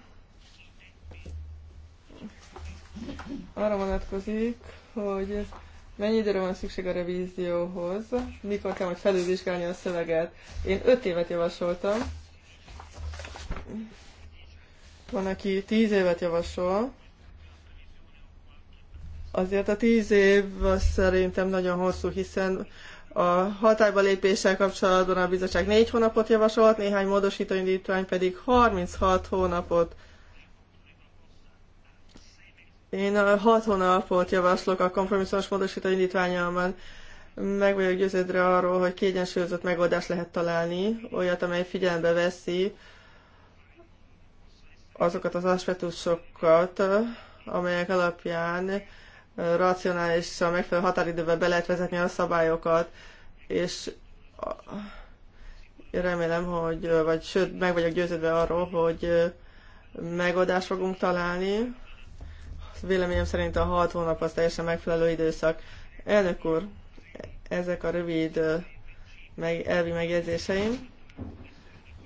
A: arra vonatkozik, hogy mennyi időre van szükség a revízióhoz, mikor kell majd felülvizsgálni a szöveget. Én 5 évet javasoltam, van, aki 10 évet javasol, Azért a tíz év szerintem nagyon hosszú, hiszen a hatályba lépéssel kapcsolatban a bizottság négy hónapot javasolt, néhány módosítóindítvány pedig 36 hónapot. Én a 6 hónapot javaslok a kompromisszumos módosítóindítványomban. Meg vagyok győződve arról, hogy kiegyensúlyozott megoldást lehet találni, olyat, amely figyelembe veszi azokat az aspektusokat, amelyek alapján racionálisan megfelelő határidőben be lehet vezetni a szabályokat, és remélem, hogy, vagy sőt, meg vagyok győződve arról, hogy megoldást fogunk találni. Véleményem szerint a hat hónap az teljesen megfelelő időszak. Elnök úr, ezek a rövid meg, elvi megjegyzéseim.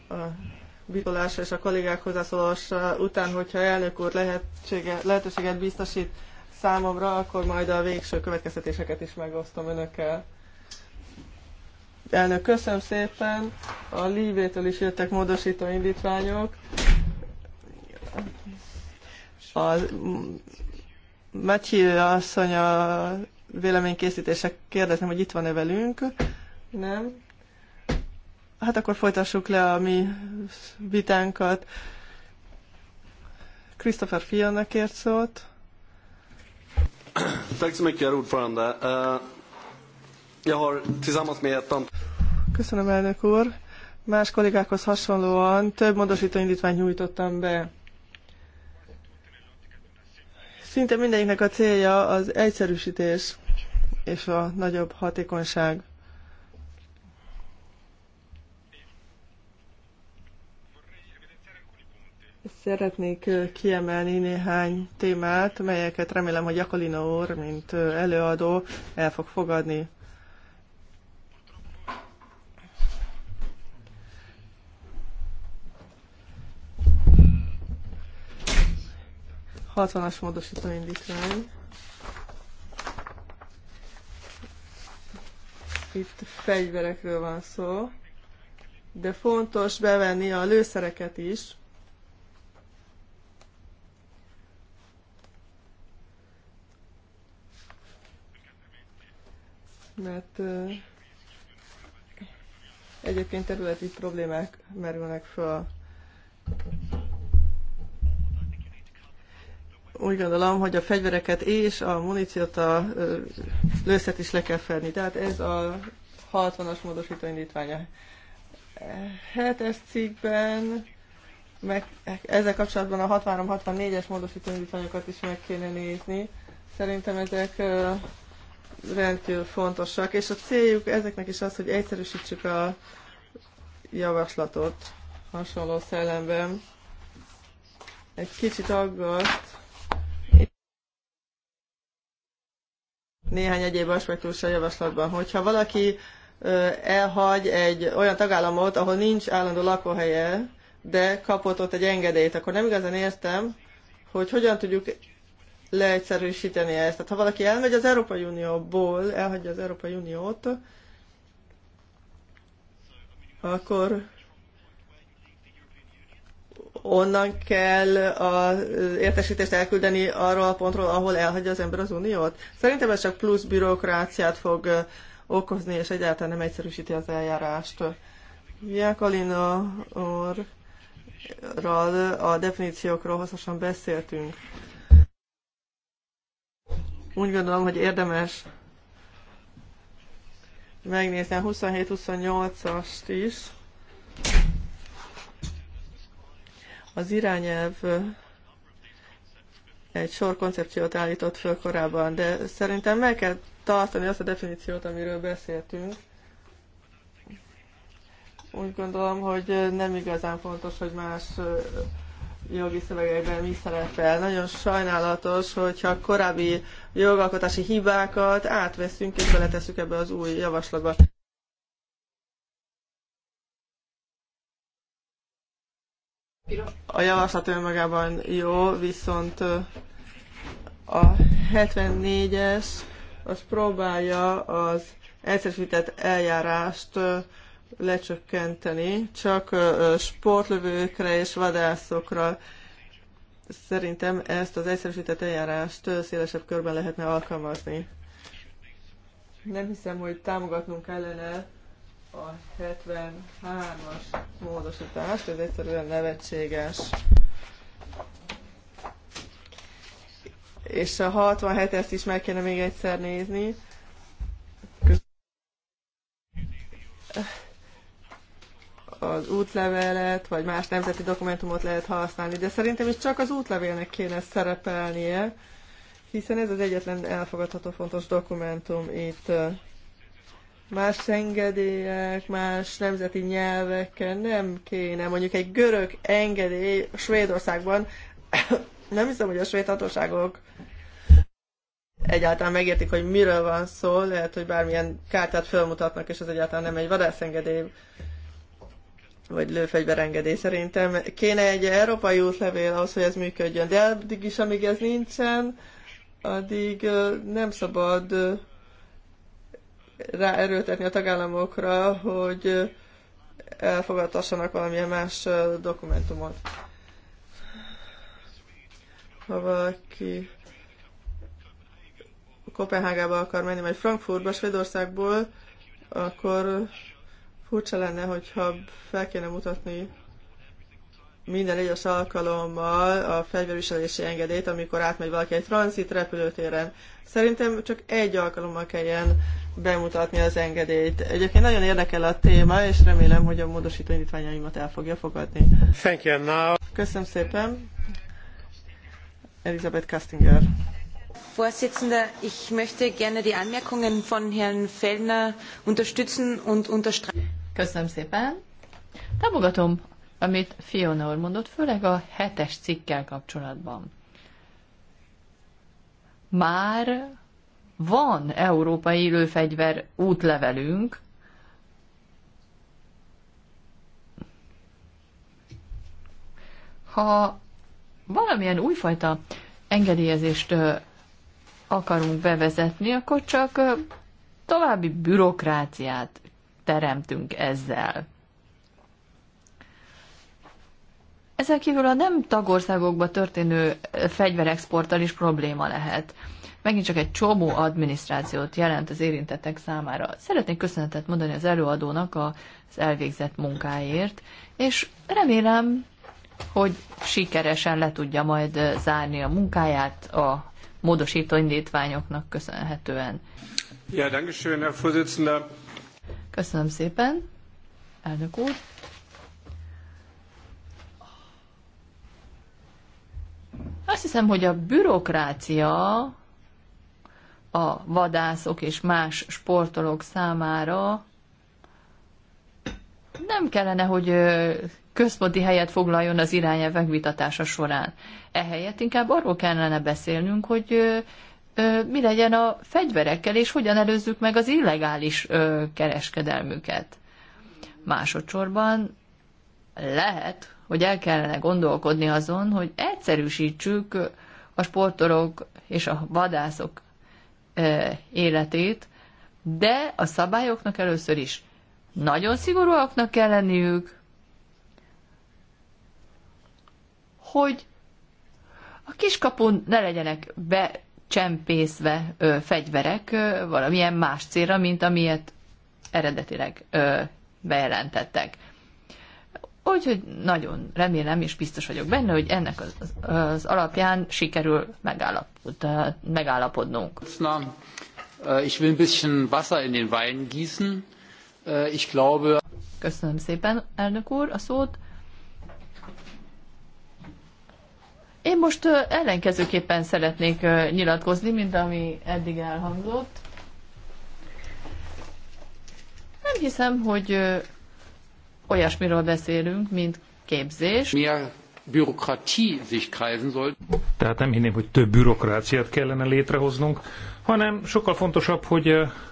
A: A vitolás és a kollégák hozzászólása után, hogyha elnök úr lehetsége, lehetőséget biztosít, számomra, akkor majd a végső következtetéseket is megosztom önökkel. Elnök, köszönöm szépen. A Lívétől is jöttek módosító indítványok. A Matyi asszony a véleménykészítése kérdezném, hogy itt van-e velünk. Nem? Hát akkor folytassuk le a mi vitánkat. Christopher Fiona kért szót. Tack så mycket, herr ordförande. Eh, jag har tillsammans med ett antal... Köszönöm, elnök úr. Más kollégákhoz hasonlóan több módosító nyújtottam be. Szinte mindegyiknek a célja az egyszerűsítés és a nagyobb hatékonyság. Szeretnék kiemelni néhány témát, melyeket remélem, hogy Jakolina úr, mint előadó, el fog fogadni. Hatvanas módosító indítvány. Itt fegyverekről van szó, de fontos bevenni a lőszereket is. mert egyébként területi problémák merülnek fel. Úgy gondolom, hogy a fegyvereket és a muníciót, a lőszet is le kell fedni. Tehát ez a 60-as módosító indítványa. Hát ez cikkben meg, ezzel kapcsolatban a 63-64-es módosító indítványokat is meg kéne nézni. Szerintem ezek rendkívül fontosak, és a céljuk ezeknek is az, hogy egyszerűsítsük a javaslatot hasonló szellemben. Egy kicsit aggaszt néhány egyéb aspektus a javaslatban. Hogyha valaki elhagy egy olyan tagállamot, ahol nincs állandó lakóhelye, de kapott ott egy engedélyt, akkor nem igazán értem, hogy hogyan tudjuk leegyszerűsíteni ezt. Tehát ha valaki elmegy az Európai Unióból, elhagyja az Európai Uniót, akkor onnan kell az értesítést elküldeni arról a pontról, ahol elhagyja az ember az uniót. Szerintem ez csak plusz bürokráciát fog okozni, és egyáltalán nem egyszerűsíti az eljárást. Jákolina úrral a definíciókról hosszasan beszéltünk. Úgy gondolom, hogy érdemes megnézni a 27-28-ast is. Az irányelv egy sor koncepciót állított föl korábban, de szerintem meg kell tartani azt a definíciót, amiről beszéltünk. Úgy gondolom, hogy nem igazán fontos, hogy más jogi szövegekben mi szerepel. Nagyon sajnálatos, hogyha korábbi jogalkotási hibákat átveszünk és beletesszük ebbe az új javaslatba. A javaslat önmagában jó, viszont a 74-es az próbálja az egyszerűsített eljárást lecsökkenteni, csak sportlövőkre és vadászokra. Szerintem ezt az egyszerűsített eljárást szélesebb körben lehetne alkalmazni. Nem hiszem, hogy támogatnunk kellene a 73-as módosítást, ez egyszerűen nevetséges. És a 67-est is meg kéne még egyszer nézni. Köszönöm az útlevelet, vagy más nemzeti dokumentumot lehet használni, de szerintem is csak az útlevélnek kéne szerepelnie, hiszen ez az egyetlen elfogadható fontos dokumentum itt. Más engedélyek, más nemzeti nyelvekkel nem kéne. Mondjuk egy görög engedély Svédországban, nem hiszem, hogy a svéd hatóságok egyáltalán megértik, hogy miről van szó, lehet, hogy bármilyen kártyát felmutatnak, és ez egyáltalán nem egy vadászengedély vagy lőfegyverengedély szerintem. Kéne egy európai útlevél ahhoz, hogy ez működjön, de addig is, amíg ez nincsen, addig nem szabad ráerőltetni a tagállamokra, hogy elfogadhassanak valamilyen más dokumentumot. Ha valaki Kopenhágába akar menni, vagy Frankfurtba, Svédországból, akkor Furcsa lenne, hogyha fel kéne mutatni minden egyes alkalommal a fegyverviselési engedélyt, amikor átmegy valaki egy tranzit repülőtéren. Szerintem csak egy alkalommal kelljen bemutatni az engedélyt. Egyébként nagyon érdekel a téma, és remélem, hogy a módosító indítványaimat el fogja fogadni. Thank you now. Köszönöm szépen. Elisabeth Kastinger.
C: Vorsitzender, ich möchte gerne die Anmerkungen von Herrn Fellner unterstützen und unterstreichen. Köszönöm szépen. Támogatom, amit Fiona úr mondott, főleg a hetes cikkel kapcsolatban. Már van európai lőfegyver útlevelünk, ha valamilyen újfajta engedélyezést akarunk bevezetni, akkor csak további bürokráciát teremtünk ezzel. Ezen kívül a nem tagországokba történő fegyverexporttal is probléma lehet. Megint csak egy csomó adminisztrációt jelent az érintettek számára. Szeretnék köszönetet mondani az előadónak az elvégzett munkáért, és remélem, hogy sikeresen le tudja majd zárni a munkáját a módosító indítványoknak köszönhetően. Ja, danke schön, Herr Vorsitzender. Köszönöm szépen, elnök úr. Azt hiszem, hogy a bürokrácia a vadászok és más sportolók számára nem kellene, hogy központi helyet foglaljon az irányelv megvitatása során. Ehelyett inkább arról kellene beszélnünk, hogy mi legyen a fegyverekkel, és hogyan előzzük meg az illegális kereskedelmüket. Másodszorban lehet, hogy el kellene gondolkodni azon, hogy egyszerűsítsük a sportorok és a vadászok életét, de a szabályoknak először is nagyon szigorúaknak kell lenniük, hogy a kiskapun ne legyenek be csempészve ö, fegyverek ö, valamilyen más célra, mint amilyet eredetileg ö, bejelentettek. Úgyhogy nagyon remélem és biztos vagyok benne, hogy ennek az, az, az alapján sikerül megállapod, megállapodnunk.
B: Äh, ich will ein bisschen
C: Wasser in den Wein gießen. Äh, ich glaube... Köszönöm szépen, elnök úr, a szót. Én most ellenkezőképpen szeretnék nyilatkozni, mint ami eddig elhangzott. Nem hiszem, hogy olyasmiről beszélünk, mint képzés.
B: Milyen bürokratie sich kreisen soll. Tehát nem hinném, hogy több bürokráciát kellene létrehoznunk, hanem sokkal fontosabb, hogy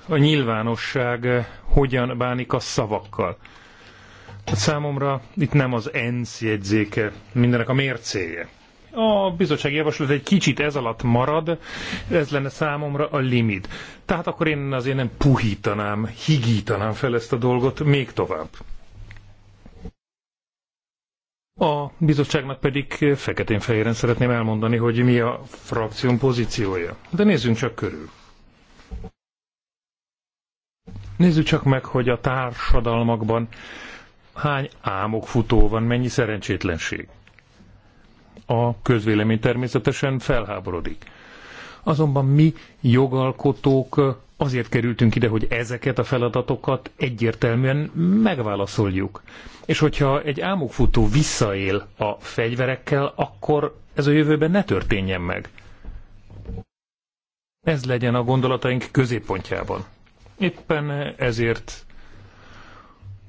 B: a nyilvánosság hogyan bánik a szavakkal. Hát számomra itt nem az ENSZ jegyzéke mindenek a mércéje a bizottsági javaslat egy kicsit ez alatt marad, ez lenne számomra a limit. Tehát akkor én azért nem puhítanám, higítanám fel ezt a dolgot még tovább. A bizottságnak pedig feketén-fehéren szeretném elmondani, hogy mi a frakción pozíciója. De nézzünk csak körül. Nézzük csak meg, hogy a társadalmakban hány álmok futó van, mennyi szerencsétlenség a közvélemény természetesen felháborodik. Azonban mi jogalkotók azért kerültünk ide, hogy ezeket a feladatokat egyértelműen megválaszoljuk. És hogyha egy álmokfutó visszaél a fegyverekkel, akkor ez a jövőben ne történjen meg. Ez legyen a gondolataink középpontjában. Éppen ezért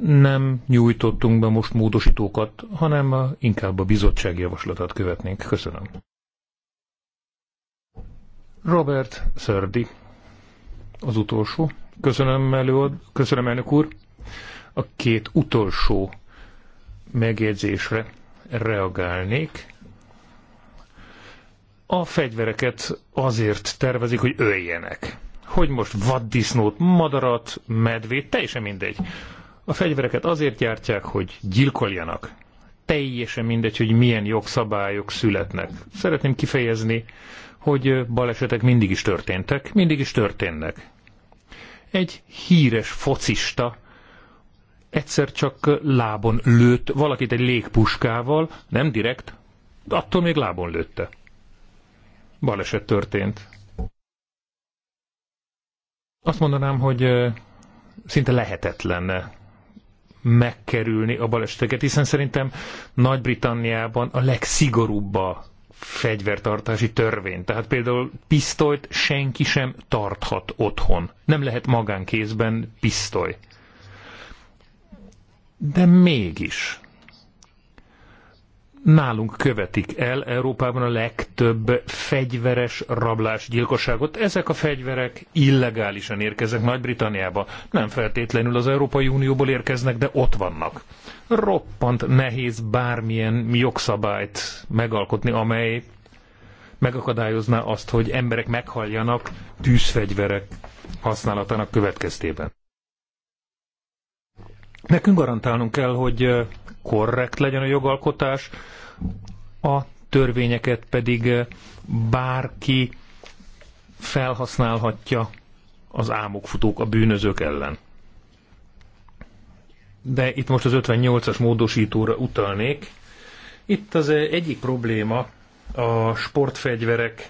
B: nem nyújtottunk be most módosítókat, hanem a, inkább a bizottság javaslatát követnénk. Köszönöm. Robert Szördi, az utolsó. Köszönöm, előad, köszönöm elnök úr. A két utolsó megjegyzésre reagálnék. A fegyvereket azért tervezik, hogy öljenek. Hogy most vaddisznót, madarat, medvét, teljesen mindegy a fegyvereket azért gyártják, hogy gyilkoljanak. Teljesen mindegy, hogy milyen jogszabályok születnek. Szeretném kifejezni, hogy balesetek mindig is történtek, mindig is történnek. Egy híres focista egyszer csak lábon lőtt valakit egy légpuskával, nem direkt, de attól még lábon lőtte. Baleset történt. Azt mondanám, hogy szinte lehetetlen megkerülni a baleseteket, hiszen szerintem Nagy-Britanniában a legszigorúbb a fegyvertartási törvény. Tehát például pisztolyt senki sem tarthat otthon. Nem lehet magánkézben pisztoly. De mégis nálunk követik el Európában a legtöbb fegyveres rablás gyilkosságot. Ezek a fegyverek illegálisan érkeznek Nagy-Britanniába. Nem feltétlenül az Európai Unióból érkeznek, de ott vannak. Roppant nehéz bármilyen jogszabályt megalkotni, amely megakadályozná azt, hogy emberek meghalljanak tűzfegyverek használatának következtében. Nekünk garantálnunk kell, hogy korrekt legyen a jogalkotás, a törvényeket pedig bárki felhasználhatja az álmokfutók, a bűnözők ellen. De itt most az 58-as módosítóra utalnék. Itt az egyik probléma a sportfegyverek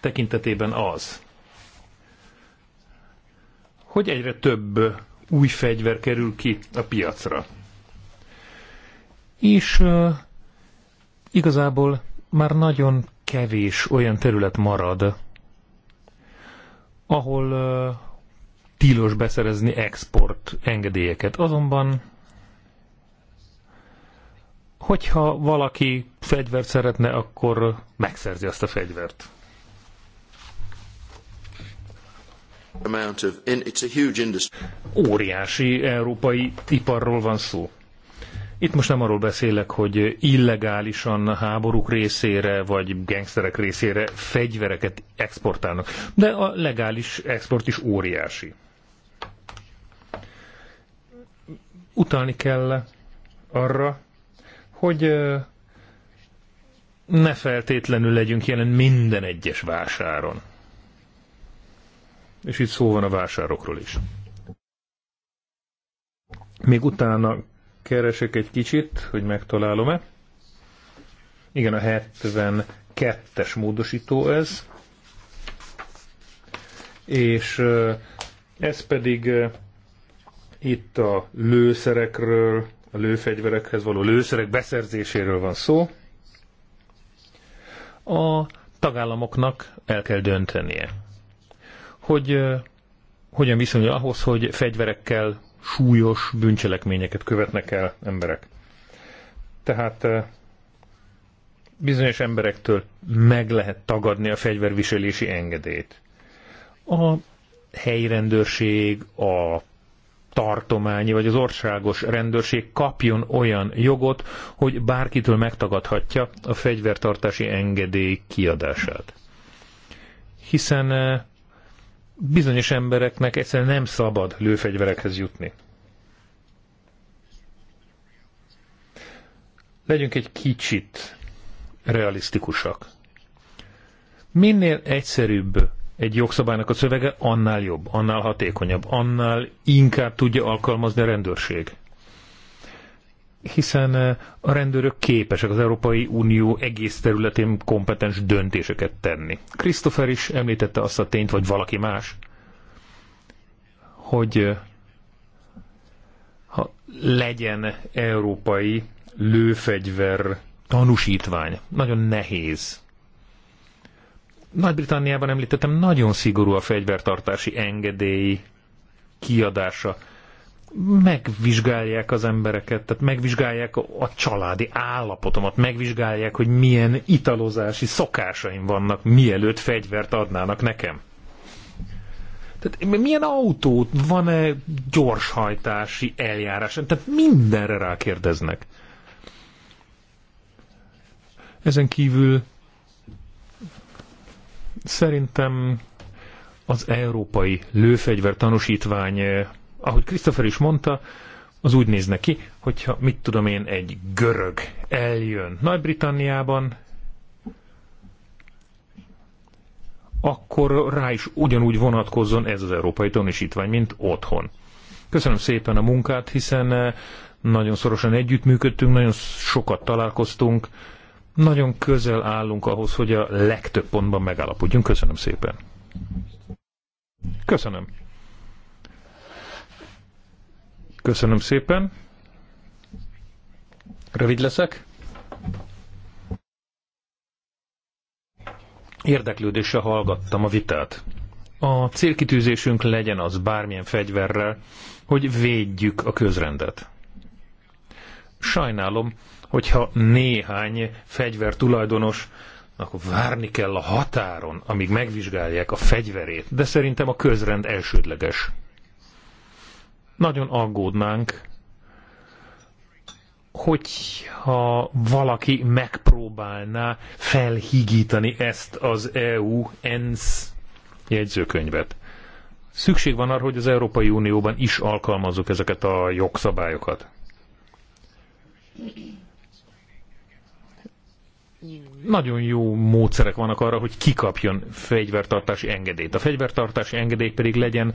B: tekintetében az, hogy egyre több új fegyver kerül ki a piacra. És uh, igazából már nagyon kevés olyan terület marad, ahol uh, tilos beszerezni export engedélyeket. Azonban, hogyha valaki fegyvert szeretne, akkor megszerzi azt a fegyvert. Óriási európai iparról van szó. Itt most nem arról beszélek, hogy illegálisan háborúk részére, vagy gengszterek részére fegyvereket exportálnak, de a legális export is óriási. Utalni kell arra, hogy ne feltétlenül legyünk jelen minden egyes vásáron és itt szó van a vásárokról is. Még utána keresek egy kicsit, hogy megtalálom-e. Igen, a 72-es módosító ez. És ez pedig itt a lőszerekről, a lőfegyverekhez való lőszerek beszerzéséről van szó. A tagállamoknak el kell döntenie, hogy hogyan viszonyul ahhoz, hogy fegyverekkel súlyos bűncselekményeket követnek el emberek. Tehát bizonyos emberektől meg lehet tagadni a fegyverviselési engedélyt. A helyi rendőrség, a tartományi vagy az országos rendőrség kapjon olyan jogot, hogy bárkitől megtagadhatja a fegyvertartási engedély kiadását. Hiszen bizonyos embereknek egyszerűen nem szabad lőfegyverekhez jutni. Legyünk egy kicsit realisztikusak. Minél egyszerűbb egy jogszabálynak a szövege, annál jobb, annál hatékonyabb, annál inkább tudja alkalmazni a rendőrség hiszen eh, a rendőrök képesek az Európai Unió egész területén kompetens döntéseket tenni. Christopher is említette azt a tényt, vagy valaki más, hogy eh, ha legyen európai lőfegyver tanúsítvány. Nagyon nehéz. Nagy-Britanniában említettem, nagyon szigorú a fegyvertartási engedély kiadása megvizsgálják az embereket, tehát megvizsgálják a családi állapotomat, megvizsgálják, hogy milyen italozási szokásaim vannak, mielőtt fegyvert adnának nekem. Tehát milyen autót, van-e gyorshajtási eljárás? Tehát mindenre rákérdeznek. Ezen kívül szerintem az európai lőfegyver tanúsítvány ahogy Christopher is mondta, az úgy néz neki, hogyha mit tudom én, egy görög eljön Nagy-Britanniában, akkor rá is ugyanúgy vonatkozzon ez az európai tanúsítvány, mint otthon. Köszönöm szépen a munkát, hiszen eh, nagyon szorosan együttműködtünk, nagyon sokat találkoztunk, nagyon közel állunk ahhoz, hogy a legtöbb pontban megállapodjunk. Köszönöm szépen. Köszönöm. Köszönöm szépen. Rövid leszek. Érdeklődéssel hallgattam a vitát. A célkitűzésünk legyen az bármilyen fegyverrel, hogy védjük a közrendet. Sajnálom, hogyha néhány fegyvertulajdonos akkor várni kell a határon, amíg megvizsgálják a fegyverét, de szerintem a közrend elsődleges nagyon aggódnánk, hogyha valaki megpróbálná felhigítani ezt az EU-ENSZ jegyzőkönyvet. Szükség van arra, hogy az Európai Unióban is alkalmazzuk ezeket a jogszabályokat. Nagyon jó módszerek vannak arra, hogy kikapjon fegyvertartási engedélyt. A fegyvertartási engedély pedig legyen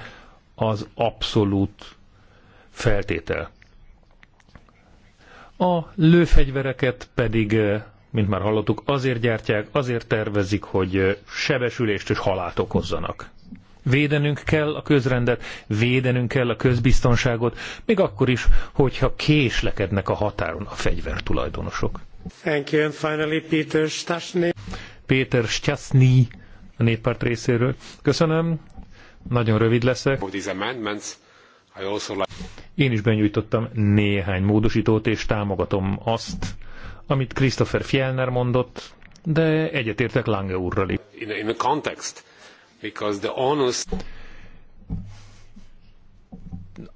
B: az abszolút feltétel. A lőfegyvereket pedig, eh, mint már hallottuk, azért gyártják, azért tervezik, hogy eh, sebesülést és halált okozzanak. Védenünk kell a közrendet, védenünk kell a közbiztonságot, még akkor is, hogyha késlekednek a határon a fegyvertulajdonosok. Thank you, and finally Peter Stasny. Péter Stasny a néppárt részéről. Köszönöm, nagyon rövid leszek. Én is benyújtottam néhány módosítót, és támogatom azt, amit Christopher Fjellner mondott, de egyetértek Lange úrral is. In, context, because the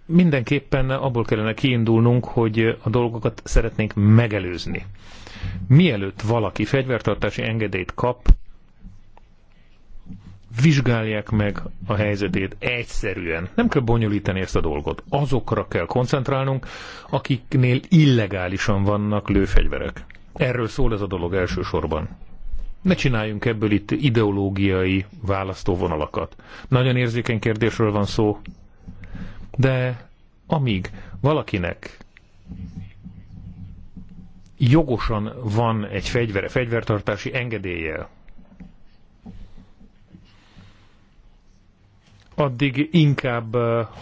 B: Mindenképpen abból kellene kiindulnunk, hogy a dolgokat szeretnénk megelőzni. Mielőtt valaki fegyvertartási engedélyt kap, vizsgálják meg a helyzetét egyszerűen. Nem kell bonyolítani ezt a dolgot. Azokra kell koncentrálnunk, akiknél illegálisan vannak lőfegyverek. Erről szól ez a dolog elsősorban. Ne csináljunk ebből itt ideológiai választóvonalakat. Nagyon érzékeny kérdésről van szó, de amíg valakinek jogosan van egy fegyvere, fegyvertartási engedéllyel, addig inkább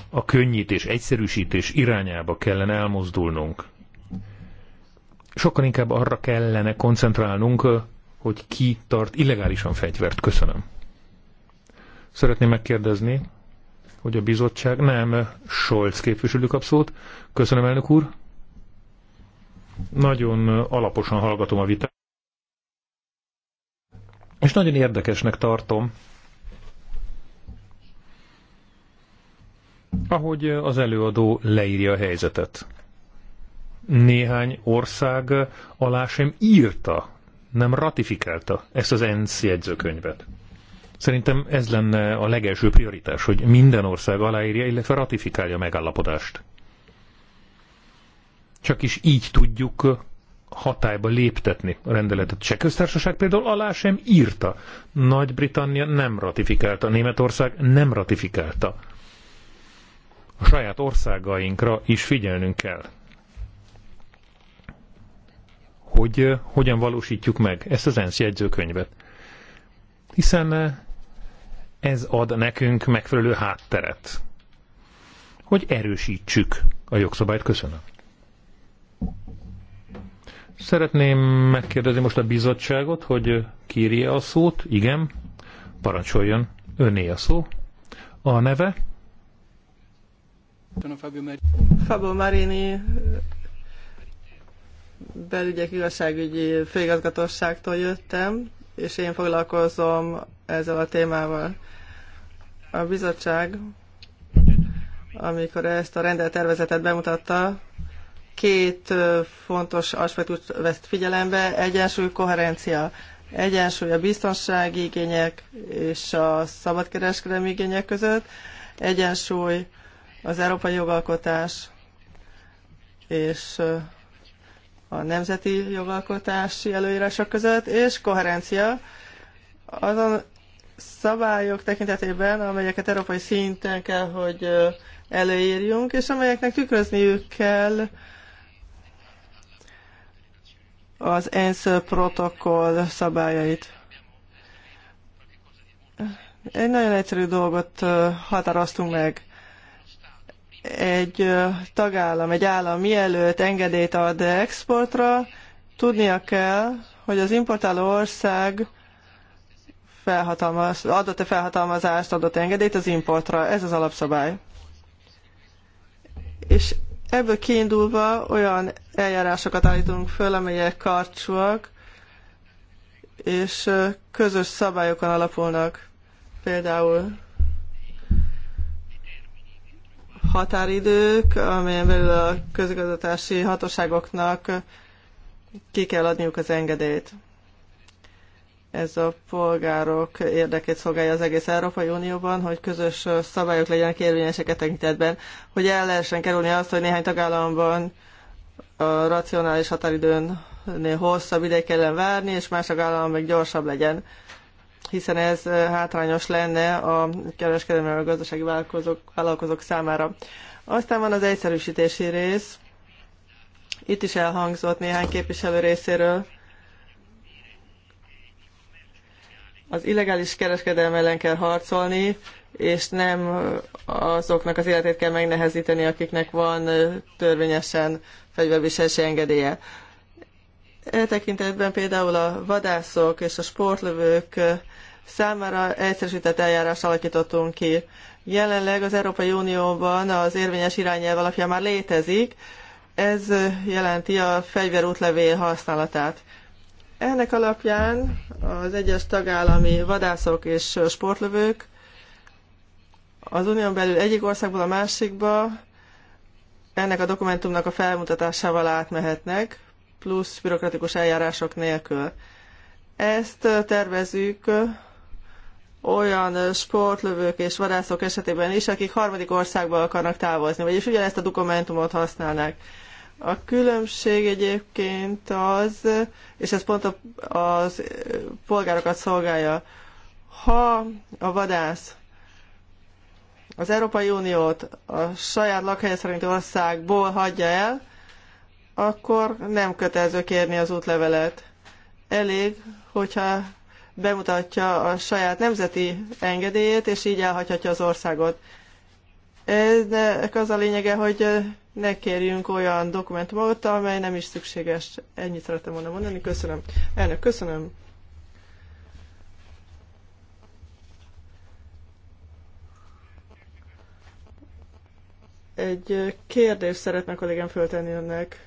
B: a könnyítés, egyszerűsítés irányába kellene elmozdulnunk. Sokkal inkább arra kellene koncentrálnunk, hogy ki tart illegálisan fegyvert. Köszönöm. Szeretném megkérdezni, hogy a bizottság nem Scholz képviselő kap Köszönöm, elnök úr. Nagyon alaposan hallgatom a vitát. És nagyon érdekesnek tartom, Ahogy az előadó leírja a helyzetet. Néhány ország alá sem írta, nem ratifikálta ezt az ENSZ jegyzőkönyvet. Szerintem ez lenne a legelső prioritás, hogy minden ország aláírja, illetve ratifikálja a megállapodást. Csak is így tudjuk hatályba léptetni a rendeletet. Cseh köztársaság például alá sem írta. Nagy-Britannia nem ratifikálta, Németország nem ratifikálta a saját országainkra is figyelnünk kell. Hogy eh, hogyan valósítjuk meg ezt az ENSZ jegyzőkönyvet. Hiszen eh, ez ad nekünk megfelelő hátteret, hogy erősítsük a jogszabályt. Köszönöm. Szeretném megkérdezni most a bizottságot, hogy kírje a szót. Igen, parancsoljon, öné a szó. A neve?
A: Fabio Marini belügyek igazságügyi főigazgatóságtól jöttem, és én foglalkozom ezzel a témával. A bizottság, amikor ezt a rendeltervezetet bemutatta, két fontos aspektust veszt figyelembe, egyensúly, koherencia. Egyensúly a biztonsági igények és a szabadkereskedelmi igények között, egyensúly az európai jogalkotás és a nemzeti jogalkotási előírások között, és koherencia azon szabályok tekintetében, amelyeket európai szinten kell, hogy előírjunk, és amelyeknek tükrözniük kell az ENSZ protokoll szabályait. Egy nagyon egyszerű dolgot határoztunk meg egy tagállam, egy állam mielőtt engedélyt ad exportra, tudnia kell, hogy az importáló ország felhatalmaz, adott-e felhatalmazást, adott -e engedélyt az importra. Ez az alapszabály. És ebből kiindulva olyan eljárásokat állítunk föl, amelyek karcsúak, és közös szabályokon alapulnak. Például határidők, amelyen belül a közigazgatási hatóságoknak ki kell adniuk az engedélyt. Ez a polgárok érdekét szolgálja az egész Európai Unióban, hogy közös szabályok legyenek érvényesek e tekintetben, hogy el lehessen kerülni azt, hogy néhány tagállamban a racionális határidőnél hosszabb ideig kellene várni, és más tagállam meg gyorsabb legyen hiszen ez hátrányos lenne a kereskedelmi gazdasági vállalkozók, vállalkozók számára. Aztán van az egyszerűsítési rész. Itt is elhangzott néhány képviselő részéről. Az illegális kereskedelem ellen kell harcolni, és nem azoknak az életét kell megnehezíteni, akiknek van törvényesen fegyverviselési engedélye. E tekintetben például a vadászok és a sportlövők számára egyszerűsített eljárást alakítottunk ki. Jelenleg az Európai Unióban az érvényes irányelv alapján már létezik, ez jelenti a fegyverútlevél használatát. Ennek alapján az egyes tagállami vadászok és sportlövők az unión belül egyik országból a másikba ennek a dokumentumnak a felmutatásával átmehetnek, plusz bürokratikus eljárások nélkül. Ezt tervezük olyan sportlövők és vadászok esetében is, akik harmadik országba akarnak távozni, vagyis ugyanezt a dokumentumot használnak. A különbség egyébként az, és ez pont a, az polgárokat szolgálja, ha a vadász az Európai Uniót a saját lakhelye szerinti országból hagyja el, akkor nem kötelező kérni az útlevelet. Elég, hogyha bemutatja a saját nemzeti engedélyét, és így elhagyhatja az országot. Ennek az a lényege, hogy ne kérjünk olyan dokumentumot, amely nem is szükséges. Ennyit szerettem volna mondani. Köszönöm. Elnök, köszönöm. Egy kérdést szeretne a kollégám föltenni önnek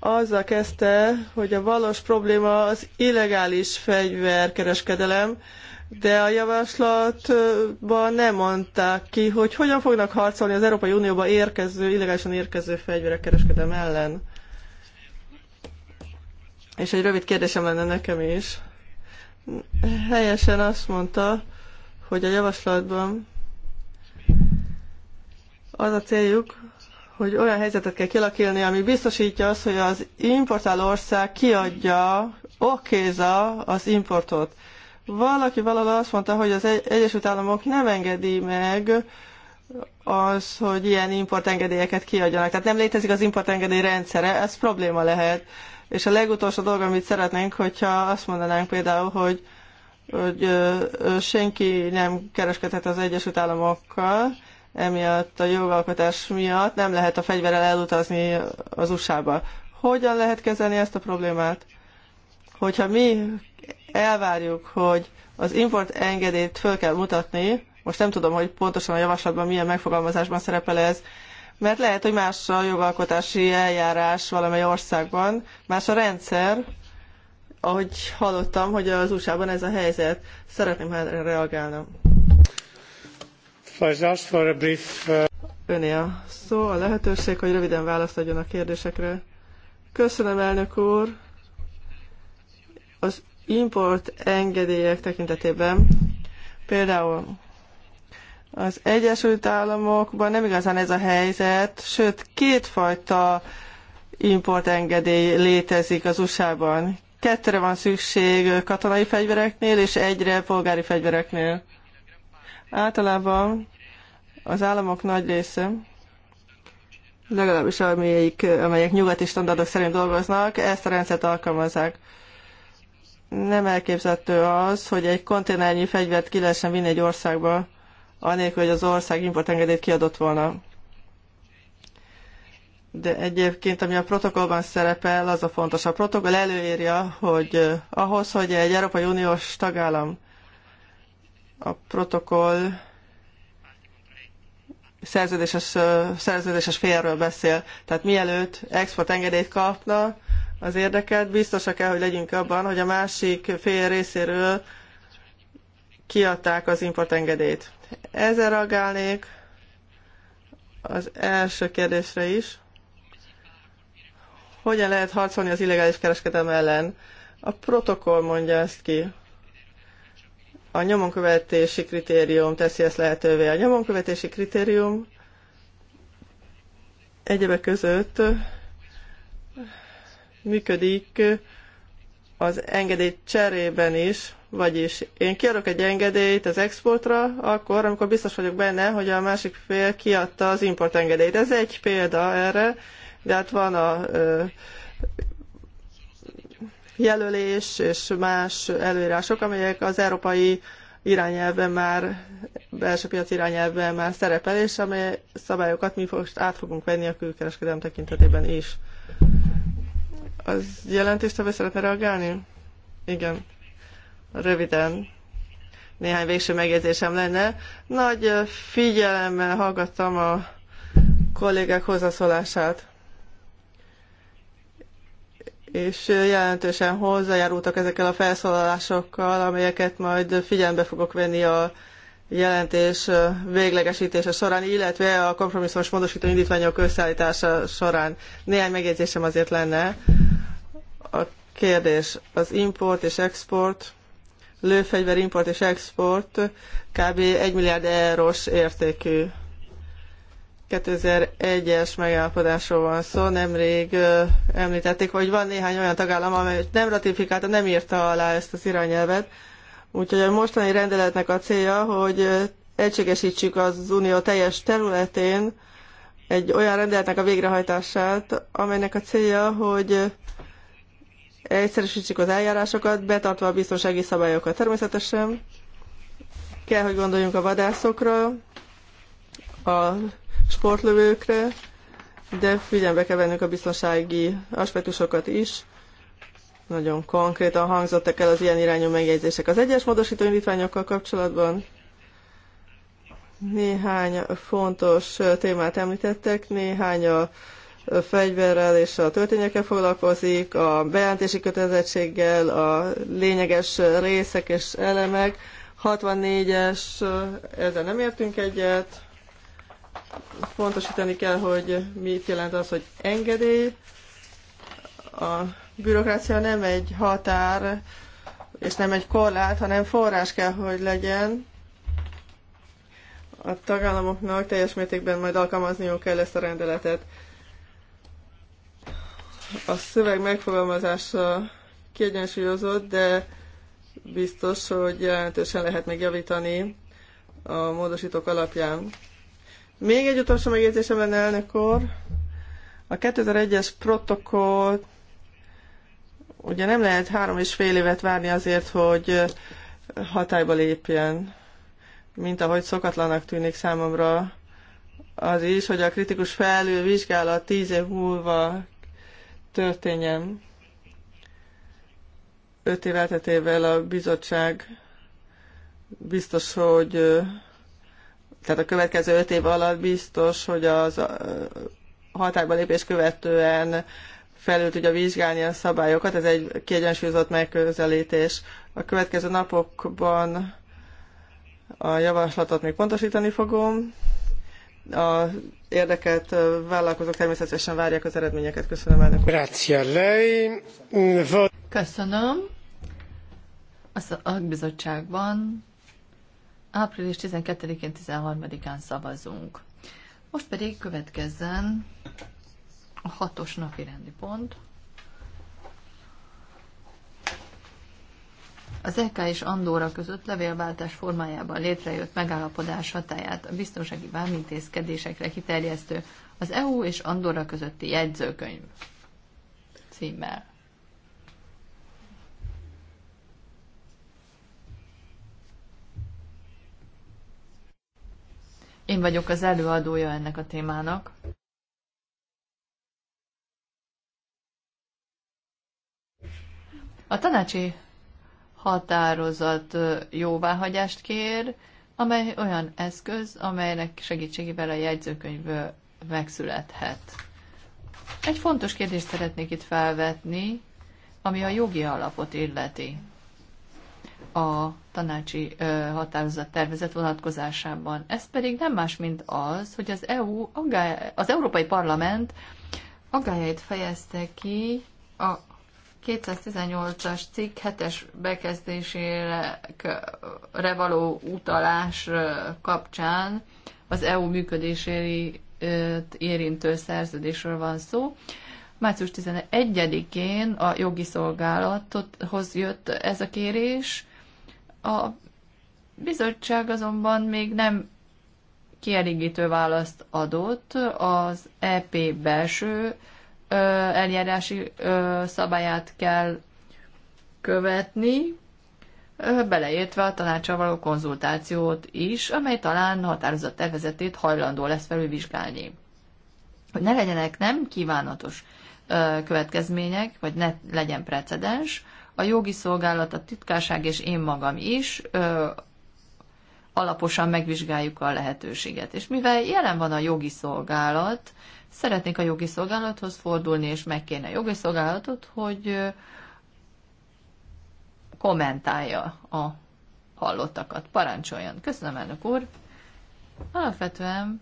A: azzal kezdte, hogy a valós probléma az illegális fegyverkereskedelem, de a javaslatban nem mondták ki, hogy hogyan fognak harcolni az Európai Unióba érkező, illegálisan érkező fegyverek kereskedelem ellen. És egy rövid kérdésem lenne nekem is. Helyesen azt mondta, hogy a javaslatban az a céljuk, hogy olyan helyzetet kell kialakítani, ami biztosítja azt, hogy az importáló ország kiadja, okéza az importot. Valaki valahol azt mondta, hogy az Egyesült Államok nem engedi meg az, hogy ilyen importengedélyeket kiadjanak. Tehát nem létezik az importengedély rendszere, ez probléma lehet. És a legutolsó dolog, amit szeretnénk, hogyha azt mondanánk például, hogy, hogy senki nem kereskedhet az Egyesült Államokkal, emiatt a jogalkotás miatt nem lehet a fegyverrel elutazni az USA-ba. Hogyan lehet kezelni ezt a problémát? Hogyha mi elvárjuk, hogy az import engedélyt föl kell mutatni, most nem tudom, hogy pontosan a javaslatban milyen megfogalmazásban szerepel ez, mert lehet, hogy más a jogalkotási eljárás valamely országban, más a rendszer, ahogy hallottam, hogy az USA-ban ez a helyzet. Szeretném, ha reagálnom. Öné a szó, a lehetőség, hogy röviden választ adjon a kérdésekre. Köszönöm, elnök úr. Az import engedélyek tekintetében például az Egyesült Államokban nem igazán ez a helyzet, sőt kétfajta importengedély létezik az USA-ban. Kettőre van szükség katonai fegyvereknél és egyre polgári fegyvereknél. Általában az államok nagy része, legalábbis amelyik, amelyek nyugati standardok szerint dolgoznak, ezt a rendszert alkalmazzák. Nem elképzelhető az, hogy egy konténernyi fegyvert ki lehessen vinni egy országba, anélkül, hogy az ország importengedélyt kiadott volna. De egyébként, ami a protokollban szerepel, az a fontos. A protokoll előírja, hogy eh, ahhoz, hogy egy Európai Uniós tagállam a protokoll szerződéses, szerződéses félről beszél. Tehát mielőtt export engedélyt kapna az érdeket, biztosak kell, hogy legyünk abban, hogy a másik fél részéről kiadták az import engedélyt. Ezzel reagálnék az első kérdésre is. Hogyan lehet harcolni az illegális kereskedelem ellen? A protokoll mondja ezt ki a nyomonkövetési kritérium teszi ezt lehetővé. A nyomonkövetési kritérium egyebek között működik az engedély cserében is, vagyis én kiadok egy engedélyt az exportra, akkor, amikor biztos vagyok benne, hogy a másik fél kiadta az import engedélyt. Ez egy példa erre, de hát van a jelölés és más előírások, amelyek az európai irányelvben már, belső piac irányelvben már szerepel, és amely szabályokat mi most át fogunk venni a külkereskedelem tekintetében is. Az jelentéstevő szeretne reagálni? Igen. Röviden. Néhány végső megjegyzésem lenne. Nagy figyelemmel hallgattam a kollégák hozzászólását és jelentősen hozzájárultak ezekkel a felszólalásokkal, amelyeket majd figyelembe fogok venni a jelentés véglegesítése során, illetve a kompromisszumos módosító indítványok összeállítása során. Néhány megjegyzésem azért lenne. A kérdés az import és export, lőfegyver import és export kb. 1 milliárd eurós értékű 2001-es megállapodásról van szó, nemrég említették, hogy van néhány olyan tagállam, amely nem ratifikálta, nem írta alá ezt az irányelvet. Úgyhogy a mostani rendeletnek a célja, hogy egységesítsük az unió teljes területén egy olyan rendeletnek a végrehajtását, amelynek a célja, hogy egyszerűsítsük az eljárásokat, betartva a biztonsági szabályokat. Természetesen kell, hogy gondoljunk a vadászokra, a sportlövőkre, de figyelme kell vennünk a biztonsági aspektusokat is. Nagyon konkrétan hangzottak el az ilyen irányú megjegyzések az egyes módosító indítványokkal kapcsolatban. Néhány fontos témát említettek, néhány a fegyverrel és a történyekkel foglalkozik, a bejelentési kötelezettséggel, a lényeges részek és elemek. 64-es, ezzel nem értünk egyet pontosítani kell, hogy mit jelent az, hogy engedély. A bürokrácia nem egy határ, és nem egy korlát, hanem forrás kell, hogy legyen. A tagállamoknak teljes mértékben majd alkalmazniuk kell ezt a rendeletet. A szöveg megfogalmazása kiegyensúlyozott, de biztos, hogy jelentősen lehet megjavítani a módosítók alapján. Még egy utolsó megjegyzésem lenne, elnök úr. A 2001-es protokoll ugye nem lehet három és fél évet várni azért, hogy hatályba lépjen, mint ahogy szokatlanak tűnik számomra az is, hogy a kritikus felülvizsgálat tíz év múlva történjen. Öt év elteltével a bizottság biztos, hogy tehát a következő öt év alatt biztos, hogy az hatályba lépés követően felül tudja vizsgálni a szabályokat, ez egy kiegyensúlyozott megközelítés. A következő napokban a javaslatot még pontosítani fogom. A érdeket vállalkozók természetesen várják az eredményeket. Köszönöm elnök.
C: Köszönöm. A szakbizottságban április 12-én, 13-án szavazunk. Most pedig következzen a hatos napi rendi pont. Az EK és Andorra között levélváltás formájában létrejött megállapodás hatáját a biztonsági vámintézkedésekre kiterjesztő az EU és Andorra közötti jegyzőkönyv címmel. Én vagyok az előadója ennek a témának. A tanácsi határozat jóváhagyást kér, amely olyan eszköz, amelynek segítségével a jegyzőkönyv megszülethet. Egy fontos kérdést szeretnék itt felvetni, ami a jogi alapot illeti a tanácsi határozat tervezet vonatkozásában. Ez pedig nem más, mint az, hogy az EU, az Európai Parlament aggájait fejezte ki a 218-as cikk 7-es bekezdésére való utalás kapcsán az EU működését érintő szerződésről van szó. Március 11-én a jogi szolgálathoz jött ez a kérés, a bizottság azonban még nem kielégítő választ adott az EP belső eljárási szabályát kell követni, beleértve a tanácsal való konzultációt is, amely talán határozat tervezetét hajlandó lesz felülvizsgálni. Hogy ne legyenek nem kívánatos következmények, vagy ne legyen precedens, a jogi szolgálat, a titkárság és én magam is ö, alaposan megvizsgáljuk a lehetőséget. És mivel jelen van a jogi szolgálat, szeretnék a jogi szolgálathoz fordulni, és megkérni a jogi szolgálatot, hogy ö, kommentálja a hallottakat. Parancsoljon. Köszönöm, elnök úr. Alapvetően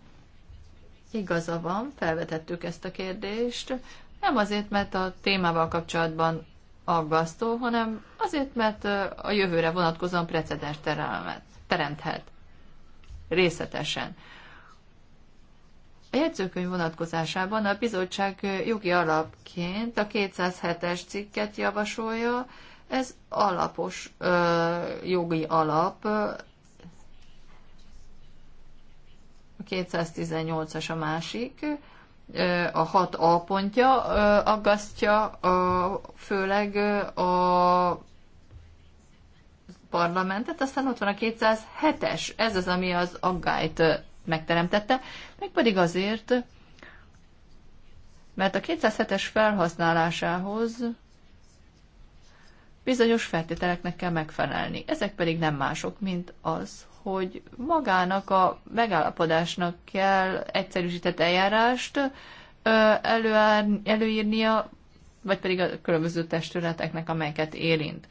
C: igaza van, felvetettük ezt a kérdést. Nem azért, mert a témával kapcsolatban aggasztó, hanem azért, mert a jövőre vonatkozóan precedens teremthet részletesen. A jegyzőkönyv vonatkozásában a bizottság jogi alapként a 207-es cikket javasolja, ez alapos ö, jogi alap, a 218-as a másik, a hat a pontja aggasztja a, főleg a parlamentet, aztán ott van a 207-es, ez az, ami az aggályt megteremtette, meg pedig azért, mert a 207-es felhasználásához bizonyos feltételeknek kell megfelelni. Ezek pedig nem mások, mint az, hogy magának a megállapodásnak kell egyszerűsített eljárást előár, előírnia, vagy pedig a különböző testületeknek, amelyeket érint.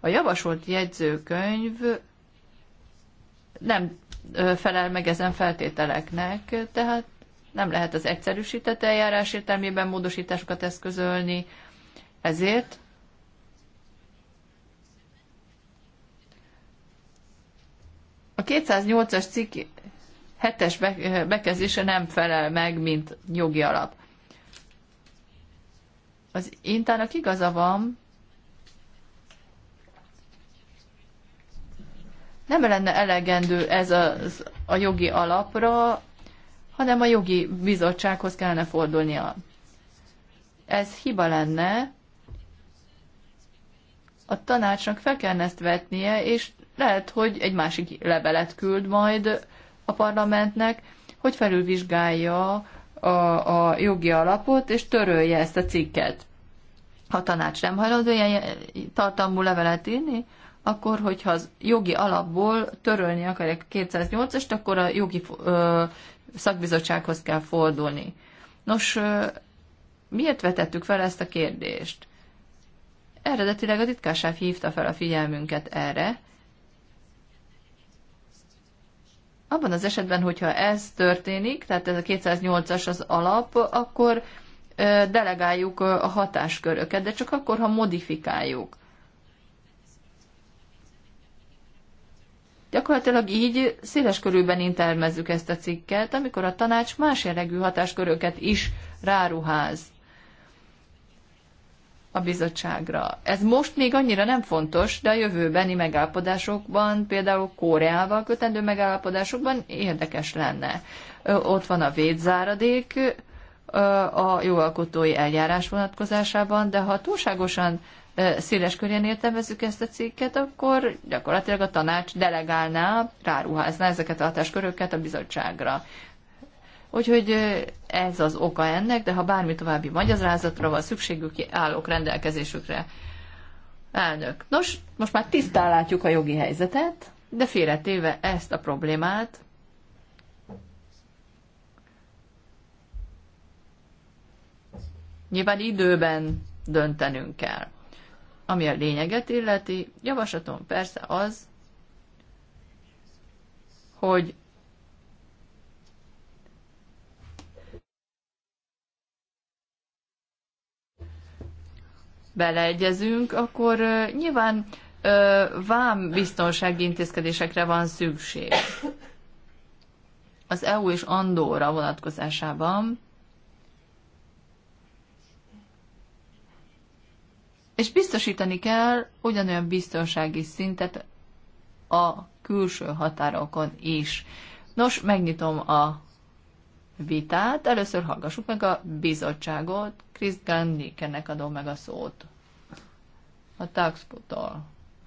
C: A javasolt jegyzőkönyv nem felel meg ezen feltételeknek, tehát nem lehet az egyszerűsített eljárás értelmében módosításokat eszközölni, ezért 208-as cikk 7-es bekezdése nem felel meg, mint jogi alap. Az Intának igaza van, nem lenne elegendő ez a, a jogi alapra, hanem a jogi bizottsághoz kellene fordulnia. Ez hiba lenne, a tanácsnak fel kellene ezt vetnie, és lehet, hogy egy másik levelet küld majd a parlamentnek, hogy felülvizsgálja a, a jogi alapot, és törölje ezt a cikket. Ha tanács nem hajlandó ilyen tartalmú levelet írni, akkor, hogyha az jogi alapból törölni akarják a 208-est, akkor a jogi ö, szakbizottsághoz kell fordulni. Nos, ö, miért vetettük fel ezt a kérdést? Eredetileg a titkárság hívta fel a figyelmünket erre, Abban az esetben, hogyha ez történik, tehát ez a 208-as az alap, akkor delegáljuk a hatásköröket, de csak akkor, ha modifikáljuk. Gyakorlatilag így széles körülben intermezzük ezt a cikket, amikor a tanács más jellegű hatásköröket is ráruház a bizottságra. Ez most még annyira nem fontos, de a jövőbeni megállapodásokban, például Koreával kötendő megállapodásokban érdekes lenne. Ott van a védzáradék a jogalkotói eljárás vonatkozásában, de ha túlságosan széles körén értelmezzük ezt a cikket, akkor gyakorlatilag a tanács delegálná, ráruházná ezeket a hatásköröket a bizottságra. Úgyhogy ez az oka ennek, de ha bármi további magyarázatra van szükségük, állok rendelkezésükre. Elnök. Nos, most már tisztán látjuk a jogi helyzetet, de félretéve ezt a problémát, nyilván időben döntenünk kell. Ami a lényeget illeti, javaslatom persze az, hogy beleegyezünk, akkor nyilván vám biztonsági intézkedésekre van szükség. Az EU és Andorra vonatkozásában És biztosítani kell ugyanolyan biztonsági szintet a külső határokon is. Nos, megnyitom a vitát. Először hallgassuk meg a bizottságot. Krisztgán Nikennek adom meg a szót. A taxpotól.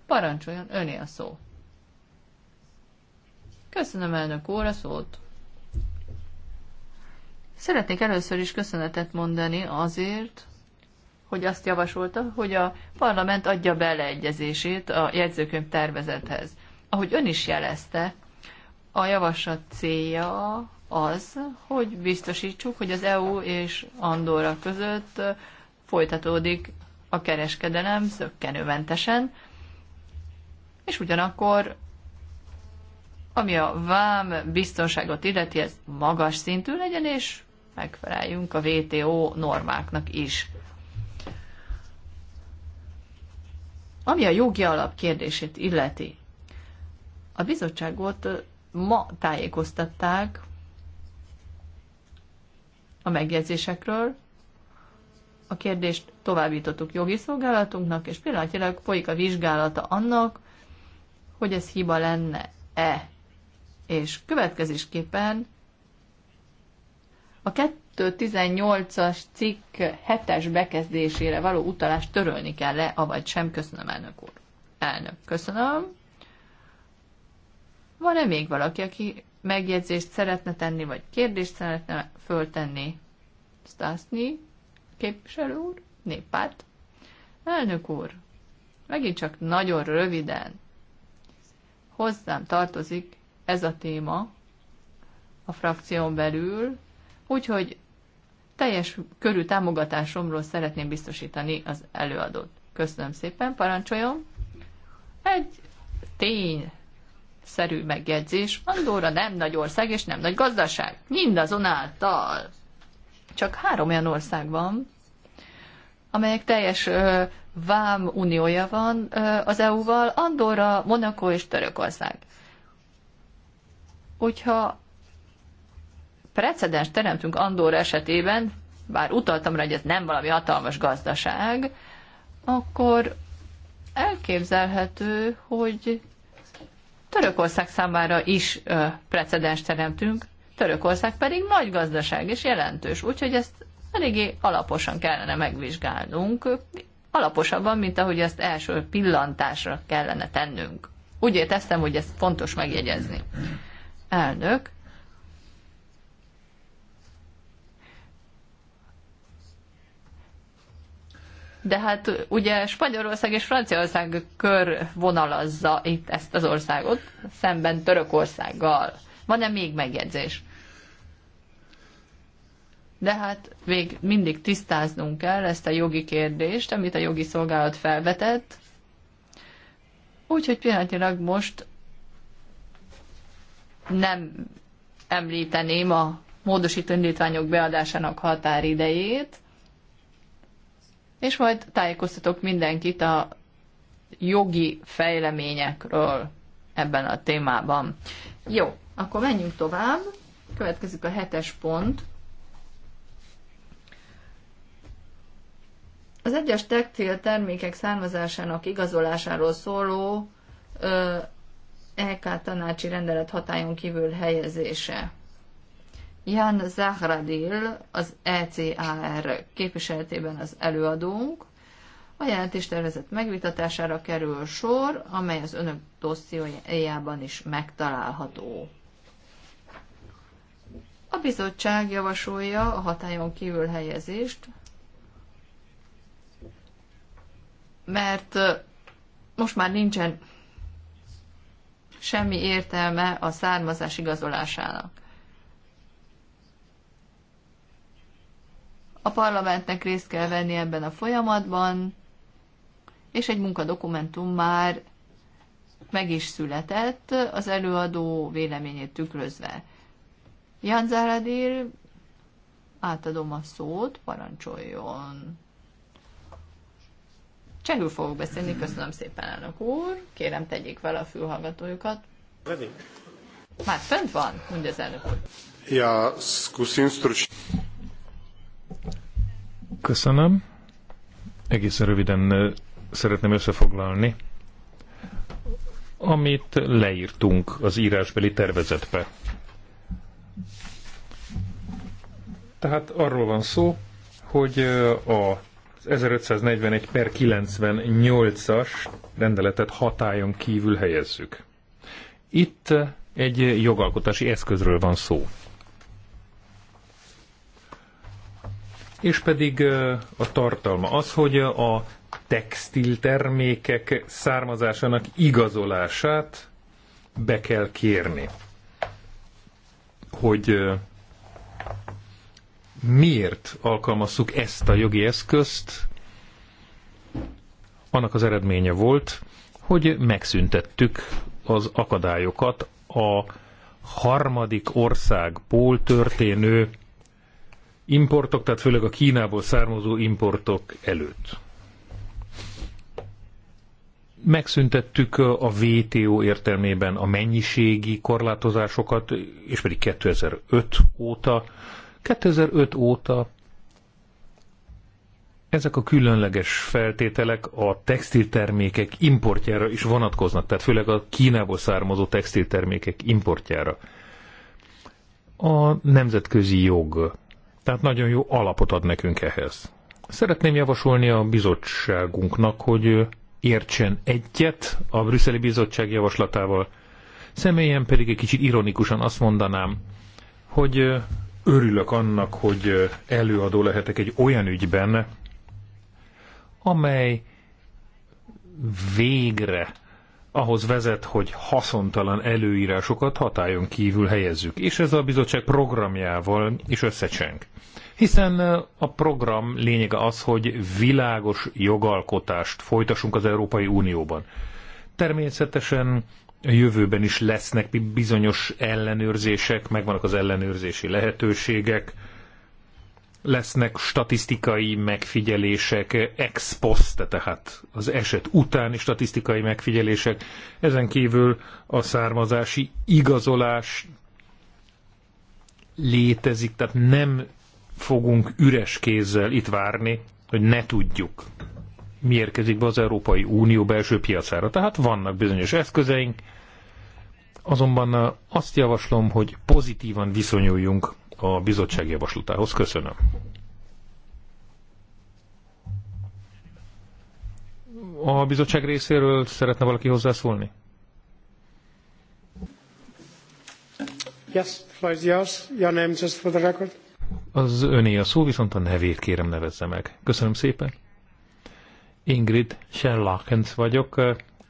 C: Parancsoljon, öné a szó. Köszönöm, elnök úr, a szót. Szeretnék először is köszönetet mondani azért, hogy azt javasolta, hogy a parlament adja beleegyezését a jegyzőkönyv tervezethez. Ahogy ön is jelezte, a javaslat célja az, hogy biztosítsuk, hogy az EU és Andorra között folytatódik a kereskedelem szökkenőmentesen, és ugyanakkor, ami a vám biztonságot illeti, ez magas szintű legyen, és megfeleljünk a WTO normáknak is. Ami a jogi alap kérdését illeti, a bizottságot ma tájékoztatták a megjegyzésekről. A kérdést továbbítottuk jogi szolgálatunknak, és pillanatilag folyik a vizsgálata annak, hogy ez hiba lenne-e. És következésképpen a 218-as cikk 7-es bekezdésére való utalást törölni kell-e, avagy sem? Köszönöm, elnök úr. Elnök, köszönöm. Van-e még valaki, aki megjegyzést szeretne tenni, vagy kérdést szeretne föltenni Stasny képviselő úr, néppárt. Elnök úr, megint csak nagyon röviden hozzám tartozik ez a téma a frakción belül, úgyhogy teljes körű támogatásomról szeretném biztosítani az előadót. Köszönöm szépen, parancsoljon. Egy tény szerű megjegyzés. Andorra nem nagy ország és nem nagy gazdaság. Mindazonáltal csak három olyan ország van, amelyek teljes vám uniója van az EU-val, Andorra, Monaco és Törökország. Hogyha precedens teremtünk Andorra esetében, bár utaltam rá, hogy ez nem valami hatalmas gazdaság, akkor elképzelhető, hogy Törökország számára is precedens teremtünk, Törökország pedig nagy gazdaság és jelentős, úgyhogy ezt eléggé alaposan kellene megvizsgálnunk, alaposabban, mint ahogy ezt első pillantásra kellene tennünk. Úgy érteztem, hogy ezt fontos megjegyezni. Elnök, de hát ugye Spanyolország és Franciaország körvonalazza itt ezt az országot, szemben Törökországgal. Van-e még megjegyzés? De hát még mindig tisztáznunk kell ezt a jogi kérdést, amit a jogi szolgálat felvetett. Úgyhogy pillanatilag most nem említeném a módosító indítványok beadásának határidejét, és majd tájékoztatok mindenkit a jogi fejleményekről ebben a témában. Jó, akkor menjünk tovább. Következik a hetes pont. Az egyes textil termékek származásának igazolásáról szóló ö, EK tanácsi rendelet hatályon kívül helyezése. Jan Zahradil, az ECAR képviseletében az előadónk. A jelentéstervezet megvitatására kerül sor, amely az önök dossziójában is megtalálható. A bizottság javasolja a hatályon kívül helyezést, mert most már nincsen semmi értelme a származás igazolásának. A parlamentnek részt kell venni ebben a folyamatban, és egy munkadokumentum már meg is született, az előadó véleményét tükrözve. Jan Záradír, átadom a szót, parancsoljon. Csehül fogok beszélni, köszönöm szépen, elnök úr. Kérem, tegyék fel a fülhallgatójukat. Már fönt van, mondja az elnök úr.
B: Ja, skusin Köszönöm. Egészen röviden szeretném összefoglalni, amit leírtunk az írásbeli tervezetbe. Tehát arról van szó, hogy a 1541 per 98-as rendeletet hatályon kívül helyezzük. Itt egy jogalkotási eszközről van szó. és pedig a tartalma az, hogy a textiltermékek származásának igazolását be kell kérni. Hogy miért alkalmazzuk ezt a jogi eszközt, annak az eredménye volt, hogy megszüntettük az akadályokat a harmadik országból történő importok, tehát főleg a Kínából származó importok előtt. Megszüntettük a WTO értelmében a mennyiségi korlátozásokat, és pedig 2005 óta. 2005 óta ezek a különleges feltételek a textiltermékek importjára is vonatkoznak, tehát főleg a Kínából származó textiltermékek importjára. A nemzetközi jog tehát nagyon jó alapot ad nekünk ehhez. Szeretném javasolni a bizottságunknak, hogy értsen egyet a brüsszeli bizottság javaslatával. Személyen pedig egy kicsit ironikusan azt mondanám, hogy örülök annak, hogy előadó lehetek egy olyan ügyben, amely végre ahhoz vezet, hogy haszontalan előírásokat hatályon kívül helyezzük, és ez a bizottság programjával is összecseng. Hiszen eh, a program lényege az, hogy világos jogalkotást folytassunk az Európai Unióban. Természetesen a jövőben is lesznek bizonyos ellenőrzések, megvannak az ellenőrzési lehetőségek, lesznek statisztikai megfigyelések ex post, tehát az eset utáni statisztikai megfigyelések. Ezen kívül a származási igazolás létezik, tehát nem fogunk üres kézzel itt várni, hogy ne tudjuk, mi érkezik be az Európai Unió belső piacára. Tehát vannak bizonyos eszközeink, azonban azt javaslom, hogy pozitívan viszonyuljunk a bizottság javaslatához. Köszönöm. A bizottság részéről szeretne valaki hozzászólni? Yes, floor is yours. Your name just for the record. Az öné a szó, viszont a nevét kérem nevezze meg. Köszönöm szépen. Ingrid Sherlockens vagyok,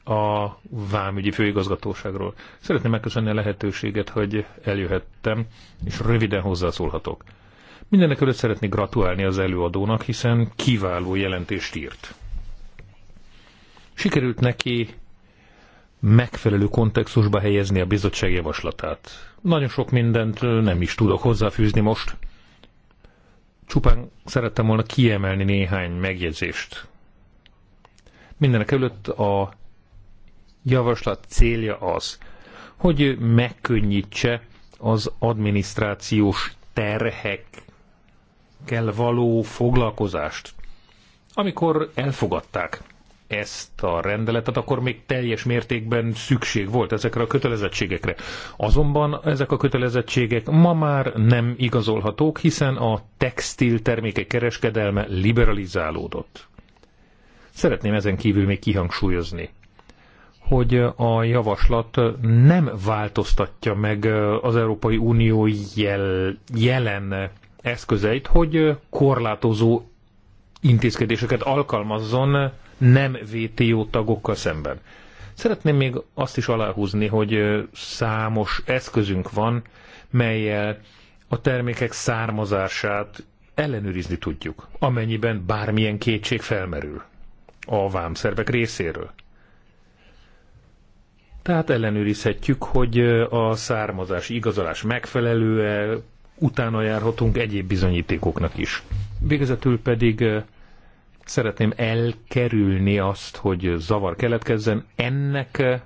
B: a Vámügyi Főigazgatóságról. Szeretném megköszönni a lehetőséget, hogy eljöhettem, és röviden hozzászólhatok. Mindenek előtt szeretnék gratulálni az előadónak, hiszen kiváló jelentést írt. Sikerült neki megfelelő kontextusba helyezni a bizottság javaslatát. Nagyon sok mindent nem is tudok hozzáfűzni most. Csupán szerettem volna kiemelni néhány megjegyzést. Mindenek előtt a javaslat célja az, hogy megkönnyítse az adminisztrációs terhekkel való foglalkozást. Amikor elfogadták ezt a rendeletet, akkor még teljes mértékben szükség volt ezekre a kötelezettségekre. Azonban ezek a kötelezettségek ma már nem igazolhatók, hiszen a textil termékek kereskedelme liberalizálódott. Szeretném ezen kívül még kihangsúlyozni, hogy a javaslat nem változtatja meg az Európai Unió jel, jelen eszközeit, hogy korlátozó intézkedéseket alkalmazzon nem VTO tagokkal szemben. Szeretném még azt is aláhúzni, hogy számos eszközünk van, melyel a termékek származását ellenőrizni tudjuk, amennyiben bármilyen kétség felmerül a vámszervek részéről. Tehát ellenőrizhetjük, hogy a származás igazolás megfelelő-e, utána járhatunk egyéb bizonyítékoknak is. Végezetül pedig szeretném elkerülni azt, hogy zavar keletkezzen. Ennek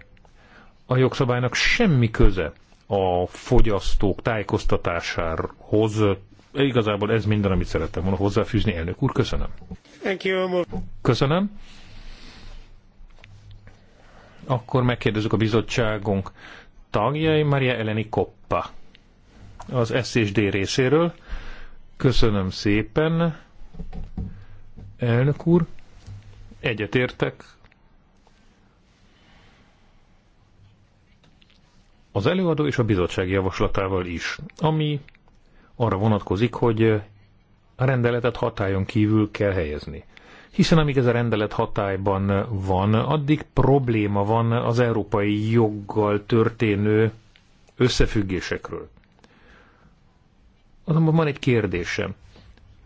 B: a jogszabálynak semmi köze a fogyasztók tájékoztatásához. Igazából ez minden, amit szerettem volna hozzáfűzni. Elnök úr, köszönöm. Köszönöm. Akkor megkérdezzük a bizottságunk tagjai, Maria Eleni Koppa az SSD részéről. Köszönöm szépen, elnök úr. Egyetértek. Az előadó és a bizottság javaslatával is, ami arra vonatkozik, hogy a rendeletet hatályon kívül kell helyezni hiszen amíg ez a rendelet hatályban van, addig probléma van az európai joggal történő összefüggésekről. Azonban van egy kérdésem.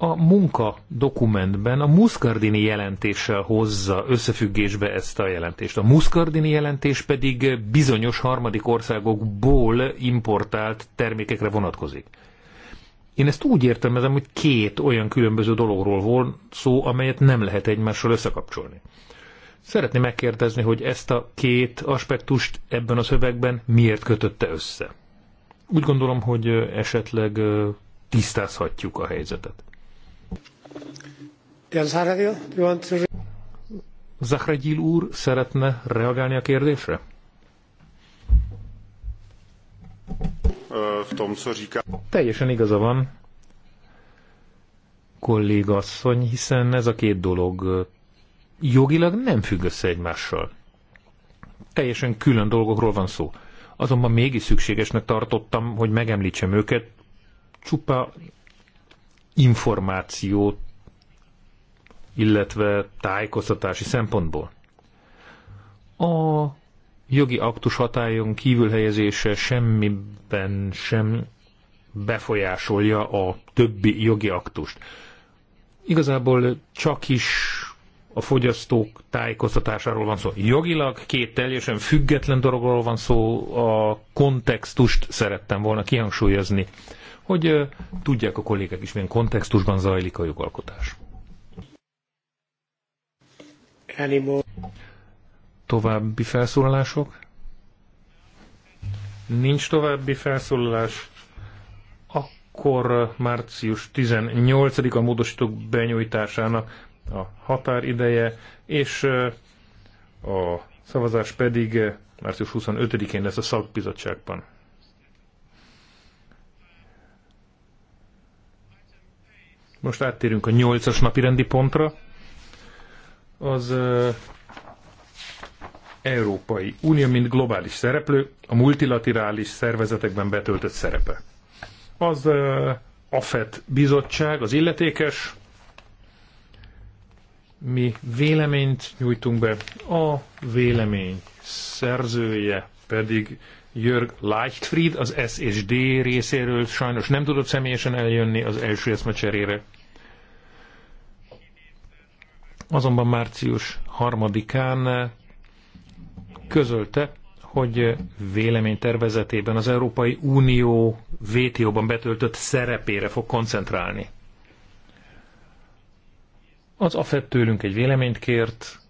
B: A munka dokumentben a Muscardini jelentéssel hozza összefüggésbe ezt a jelentést. A Muscardini jelentés pedig bizonyos harmadik országokból importált termékekre vonatkozik. Én ezt úgy értelmezem, hogy két olyan különböző dologról volt szó, amelyet nem lehet egymással összekapcsolni. Szeretném megkérdezni, hogy ezt a két aspektust ebben a szövegben miért kötötte össze? Úgy gondolom, hogy esetleg tisztázhatjuk a helyzetet. Zahragyil úr szeretne reagálni a kérdésre? v tom, co říká. Teljesen igaza van, kolléga asszony, hiszen ez a két dolog jogilag nem függ össze egymással. Teljesen külön dolgokról van szó. Azonban mégis szükségesnek tartottam, hogy megemlítsem őket, csupa információt, illetve tájékoztatási szempontból. A jogi aktus hatályon kívül helyezése semmiben sem befolyásolja a többi jogi aktust. Igazából csak is a fogyasztók tájékoztatásáról van szó. Jogilag két teljesen független dologról van szó, a kontextust szerettem volna kihangsúlyozni, hogy tudják a kollégák is, milyen kontextusban zajlik a jogalkotás. Animal további felszólalások? Nincs további felszólalás. Akkor március 18 a módosítók benyújtásának a határideje, és a szavazás pedig március 25-én lesz a szakbizottságban. Most áttérünk a 8-as napi rendi pontra. Az Európai Unió, mint globális szereplő, a multilaterális szervezetekben betöltött szerepe. Az uh, AFET bizottság, az illetékes, mi véleményt nyújtunk be, a vélemény szerzője pedig Jörg Leichtfried, az SSD részéről sajnos nem tudott személyesen eljönni az első eszmecserére. Azonban március harmadikán közölte, hogy véleménytervezetében az Európai Unió VTO-ban betöltött szerepére fog koncentrálni. Az AFET tőlünk egy véleményt kért,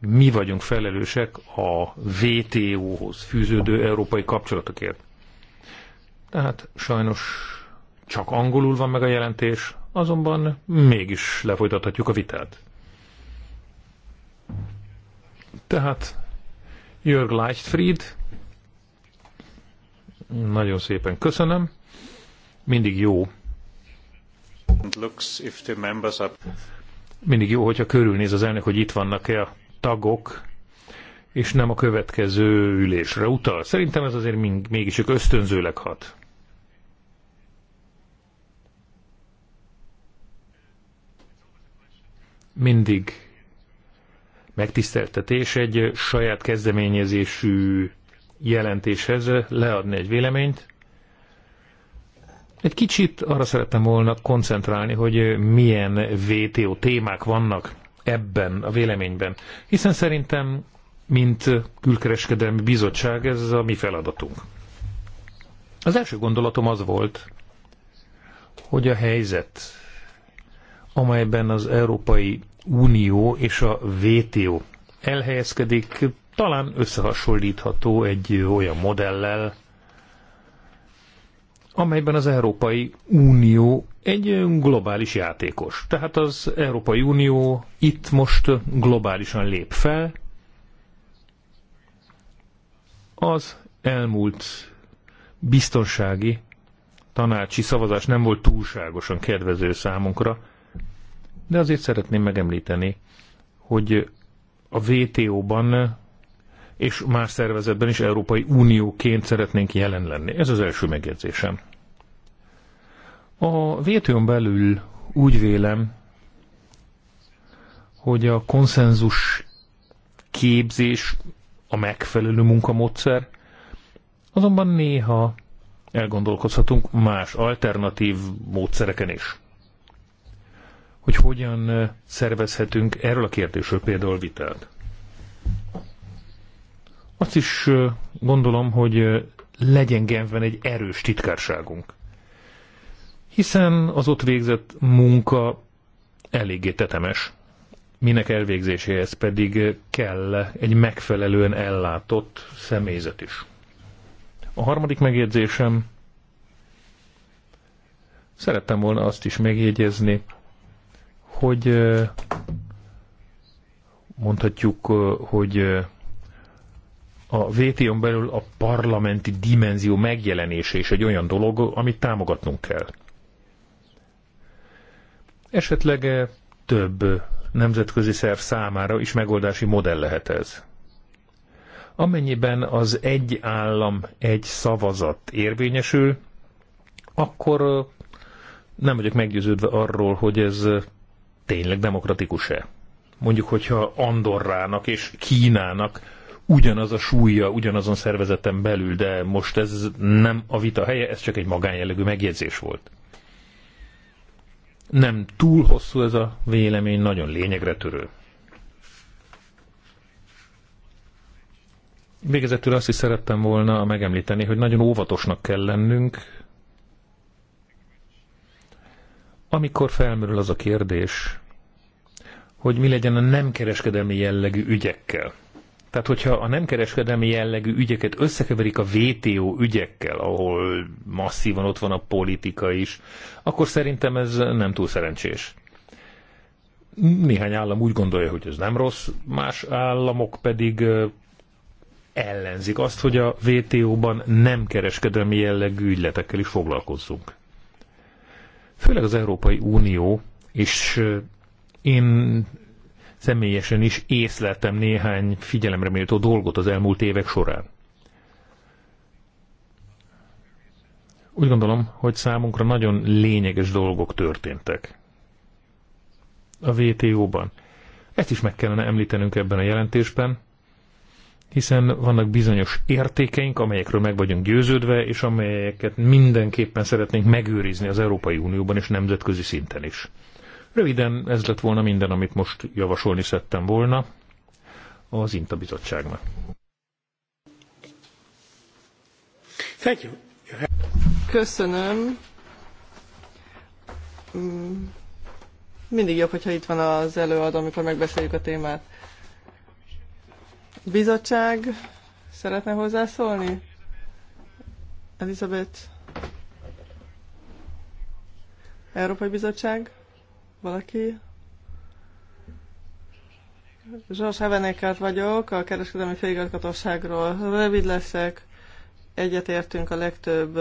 B: mi vagyunk felelősek a VTO-hoz fűződő európai kapcsolatokért. Tehát sajnos csak angolul van meg a jelentés, azonban mégis lefolytathatjuk a vitát. Tehát Jörg Leichtfried, nagyon szépen köszönöm, mindig jó. Mindig jó, hogyha körülnéz az elnök, hogy itt vannak-e a tagok, és nem a következő ülésre utal. Szerintem ez azért mégiscsak ösztönzőleg hat. Mindig megtiszteltetés egy saját kezdeményezésű jelentéshez leadni egy véleményt. Egy kicsit arra szerettem volna koncentrálni, hogy milyen VTO témák vannak ebben a véleményben, hiszen szerintem, mint külkereskedelmi bizottság, ez a mi feladatunk. Az első gondolatom az volt, hogy a helyzet amelyben az Európai Unió és a WTO elhelyezkedik, talán összehasonlítható egy olyan modellel, amelyben az Európai Unió egy globális játékos. Tehát az Európai Unió itt most globálisan lép fel. Az elmúlt biztonsági tanácsi szavazás nem volt túlságosan kedvező számunkra, de azért szeretném megemlíteni, hogy a VTO-ban és más szervezetben is Európai Unióként szeretnénk jelen lenni. Ez az első megjegyzésem. A VTO-n belül úgy vélem, hogy a konszenzus képzés a megfelelő munkamódszer, azonban néha elgondolkozhatunk más alternatív módszereken is hogy hogyan szervezhetünk erről a kérdésről például vitát. Azt is gondolom, hogy legyen Genfben egy erős titkárságunk. Hiszen az ott végzett munka eléggé tetemes, minek elvégzéséhez pedig kell egy megfelelően ellátott személyzet is. A harmadik megjegyzésem, szerettem volna azt is megjegyezni, hogy mondhatjuk, hogy a VTO-n belül a parlamenti dimenzió megjelenése is egy olyan dolog, amit támogatnunk kell. Esetleg több nemzetközi szerv számára is megoldási modell lehet ez. Amennyiben az egy állam, egy szavazat érvényesül, akkor nem vagyok meggyőződve arról, hogy ez tényleg demokratikus-e? Mondjuk, hogyha Andorrának és Kínának ugyanaz a súlya ugyanazon szervezeten belül, de most ez nem a vita helye, ez csak egy magánjellegű megjegyzés volt. Nem túl hosszú ez a vélemény, nagyon lényegre törő. Végezetül azt is szerettem volna megemlíteni, hogy nagyon óvatosnak kell lennünk Amikor felmerül az a kérdés, hogy mi legyen a nem kereskedelmi jellegű ügyekkel. Tehát, hogyha a nem kereskedelmi jellegű ügyeket összekeverik a VTO ügyekkel, ahol masszívan ott van a politika is, akkor szerintem ez nem túl szerencsés. Néhány állam úgy gondolja, hogy ez nem rossz, más államok pedig ellenzik azt, hogy a VTO-ban nem kereskedelmi jellegű ügyletekkel is foglalkozzunk. Főleg az Európai Unió, és én személyesen is észleltem néhány figyelemre méltó dolgot az elmúlt évek során. Úgy gondolom, hogy számunkra nagyon lényeges dolgok történtek a VTO-ban. Ezt is meg kellene említenünk ebben a jelentésben, hiszen vannak bizonyos értékeink, amelyekről meg vagyunk győződve, és amelyeket mindenképpen szeretnénk megőrizni az Európai Unióban és nemzetközi szinten is. Röviden ez lett volna minden, amit most javasolni szedtem volna az INTA bizottságnak.
A: Köszönöm. Mm. Mindig jobb, hogyha itt van az előadó, amikor megbeszéljük a témát. Bizottság szeretne hozzászólni? Elizabeth? Európai Bizottság? Valaki? Zsors Hevenekert vagyok, a Kereskedelmi Főigazgatóságról. Rövid leszek, egyetértünk a legtöbb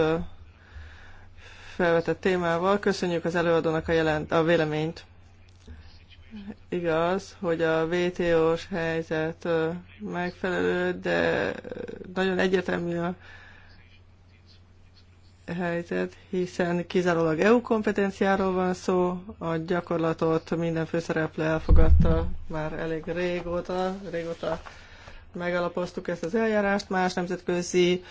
A: felvetett témával. Köszönjük az előadónak a, jelent, a véleményt igaz, hogy a WTO-s helyzet megfelelő, de nagyon egyértelmű a helyzet, hiszen kizárólag EU kompetenciáról van szó, a gyakorlatot minden főszereplő elfogadta már elég régóta, régóta megalapoztuk ezt az eljárást, más nemzetközi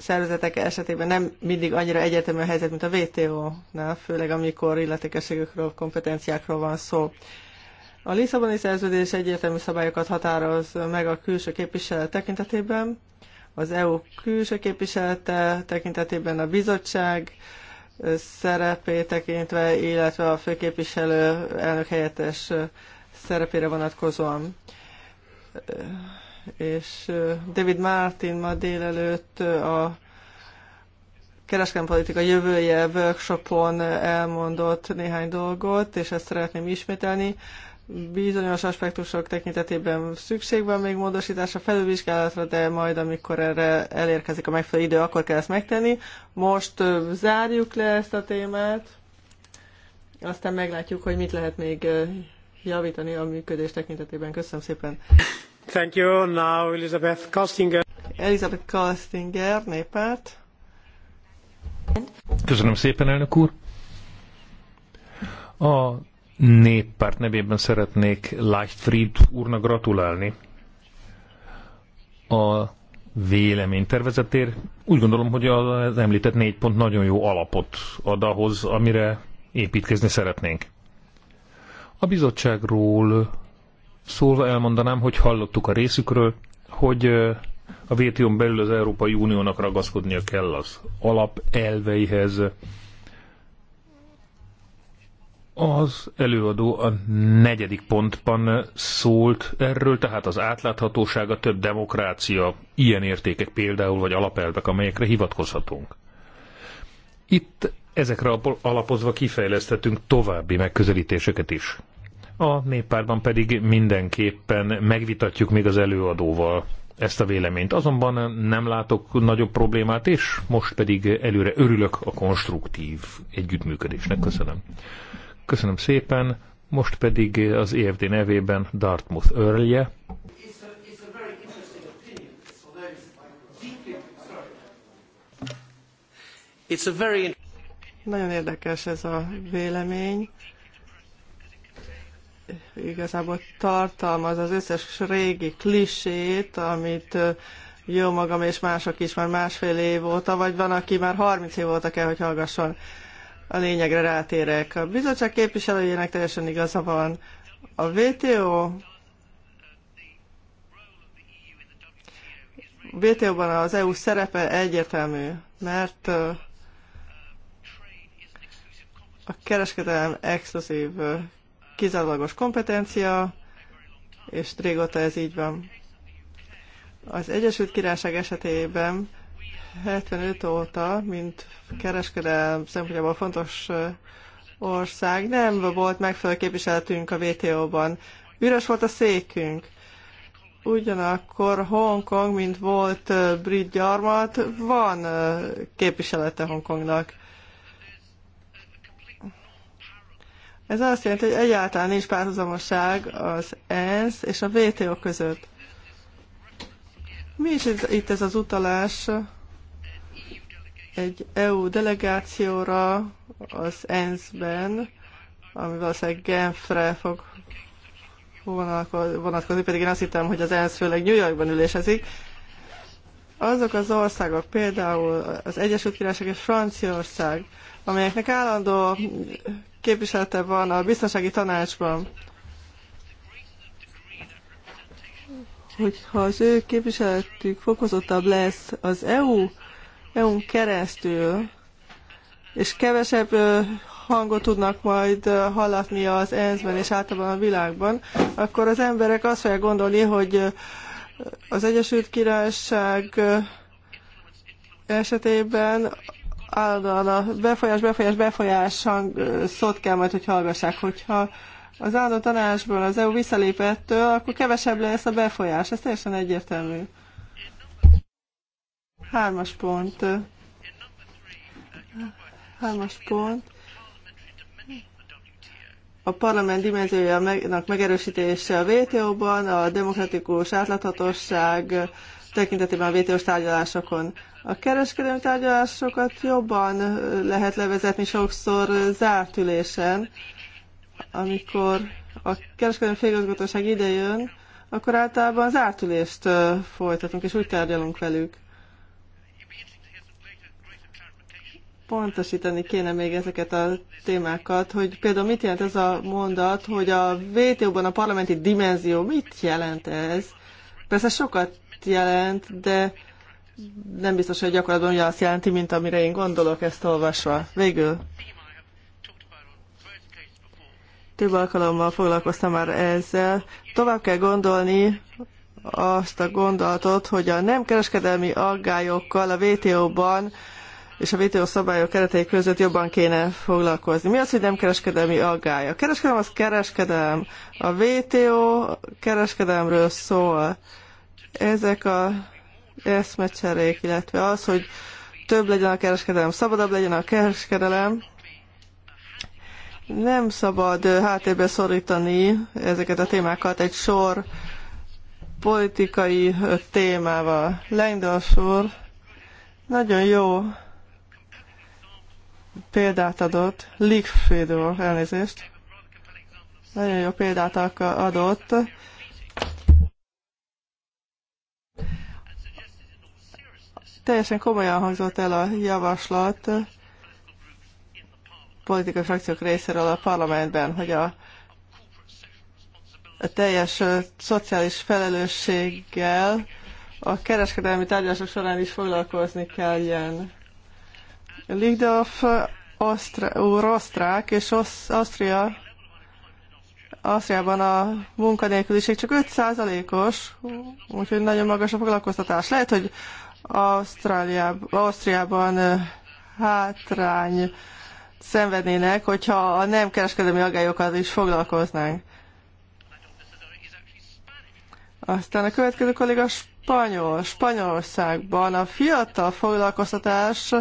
A: szervezetek esetében nem mindig annyira egyértelmű a helyzet, mint a WTO-nál, főleg amikor illetékességükről, kompetenciákról van szó. A Lisszaboni szerződés egyértelmű szabályokat határoz meg a külső képviselet tekintetében, az EU külső képviselete tekintetében a bizottság szerepét tekintve, illetve a főképviselő elnök helyettes szerepére vonatkozóan és David Martin ma délelőtt a politika jövője workshopon elmondott néhány dolgot, és ezt szeretném ismételni. Bizonyos aspektusok tekintetében szükség van még módosításra, felülvizsgálatra, de majd amikor erre elérkezik a megfelelő idő, akkor kell ezt megtenni. Most zárjuk le ezt a témát, aztán meglátjuk, hogy mit lehet még javítani a működés tekintetében. Köszönöm szépen! Thank you. Now Elizabeth Kostinger. Elizabeth Kostinger,
B: Köszönöm szépen, elnök úr. A néppárt nevében szeretnék Leichtfried úrnak gratulálni. A véleménytervezetért úgy gondolom, hogy az említett négy pont nagyon jó alapot ad ahhoz, amire építkezni szeretnénk. A bizottságról szólva elmondanám, hogy hallottuk a részükről, hogy a WTO-n belül az Európai Uniónak ragaszkodnia kell az alap elveihez. Az előadó a negyedik pontban szólt erről, tehát az átláthatóság, a több demokrácia, ilyen értékek például, vagy alapelvek, amelyekre hivatkozhatunk. Itt ezekre alapozva kifejlesztettünk további megközelítéseket is. A néppárban pedig mindenképpen megvitatjuk még az előadóval ezt a véleményt. Azonban nem látok nagyobb problémát, és most pedig előre örülök a konstruktív együttműködésnek. Köszönöm. Köszönöm szépen. Most pedig az EFD nevében Dartmouth örlje.
A: Nagyon érdekes ez a vélemény igazából tartalmaz az összes régi klisét, amit jó magam és mások is már másfél év óta, vagy van, aki már 30 év óta kell, hogy hallgasson. A lényegre rátérek. A bizottság képviselőjének teljesen igaza van. A WTO WTO-ban az EU szerepe egyértelmű, mert a kereskedelem exkluzív kizárólagos kompetencia, és régóta ez így van. Az Egyesült Királyság esetében 75 óta, mint kereskedelem szempontjából fontos ország, nem volt megfelelő képviseletünk a WTO-ban. Üres volt a székünk. Ugyanakkor Hongkong, mint volt brit gyarmat, van képviselete Hongkongnak. Ez azt jelenti, hogy egyáltalán nincs párhuzamosság az ENSZ és a WTO között. Mi is ez, itt ez az utalás egy EU delegációra az ENSZ-ben, ami valószínűleg Genfre fog vonatkozni, pedig én azt hittem, hogy az ENSZ főleg New Yorkban ülésezik. Azok az országok, például az Egyesült Királyság és Franciaország, amelyeknek állandó képviselete van a biztonsági tanácsban. Hogyha az ő képviseletük fokozottabb lesz az EU, EU-n keresztül, és kevesebb hangot tudnak majd hallatni az ENSZ-ben és általában a világban, akkor az emberek azt fogják gondolni, hogy az Egyesült Királyság esetében állandóan a befolyás, befolyás, befolyás hang, szót kell majd, hogy hallgassák, hogyha az állandó tanácsból az EU visszalép ettől, akkor kevesebb lesz a befolyás. Ez teljesen egyértelmű. Hármas pont. Hármas pont. A parlament dimenziójának megerősítése a WTO-ban, a demokratikus átláthatóság tekintetében a WTO-s tárgyalásokon. A kereskedelmi tárgyalásokat jobban lehet levezetni sokszor zárt ülésen, amikor a kereskedelmi félgazgatóság idejön, akkor általában zárt ülést folytatunk, és úgy tárgyalunk velük. Pontosítani kéne még ezeket a témákat, hogy például mit jelent ez a mondat, hogy a WTO-ban a parlamenti dimenzió, mit jelent ez? Persze sokat jelent, de nem biztos, hogy gyakorlatban ugyanazt jelenti, mint amire én gondolok ezt olvasva. Végül. Több alkalommal foglalkoztam már ezzel. Tovább kell gondolni azt a gondolatot, hogy a nem kereskedelmi aggályokkal a WTO-ban és a WTO szabályok keretei között jobban kéne foglalkozni. Mi az, hogy nem kereskedelmi aggály? A kereskedelem az kereskedelem. A WTO kereskedelemről szól. Ezek a eszmecserék, illetve az, hogy több legyen a kereskedelem, szabadabb legyen a kereskedelem. Nem szabad háttérbe szorítani ezeket a témákat egy sor politikai témával. Lengdors úr nagyon jó példát adott, Ligfried úr, elnézést, nagyon jó példát adott teljesen komolyan hangzott el a javaslat politikai frakciók részéről a parlamentben, hogy a, a teljes szociális felelősséggel a kereskedelmi tárgyalások során is foglalkozni kelljen. ilyen. Ligdorf úr osztrák, és Osz, Ausztria, Ausztriában a munkanélküliség csak 5%-os, úgyhogy nagyon magas a foglalkoztatás. Lehet, hogy Ausztráliában, Ausztriában hátrány szenvednének, hogyha a nem kereskedelmi agályokkal is foglalkoznánk. Aztán a következő kolléga spanyol. Spanyolországban a fiatal foglalkoztatás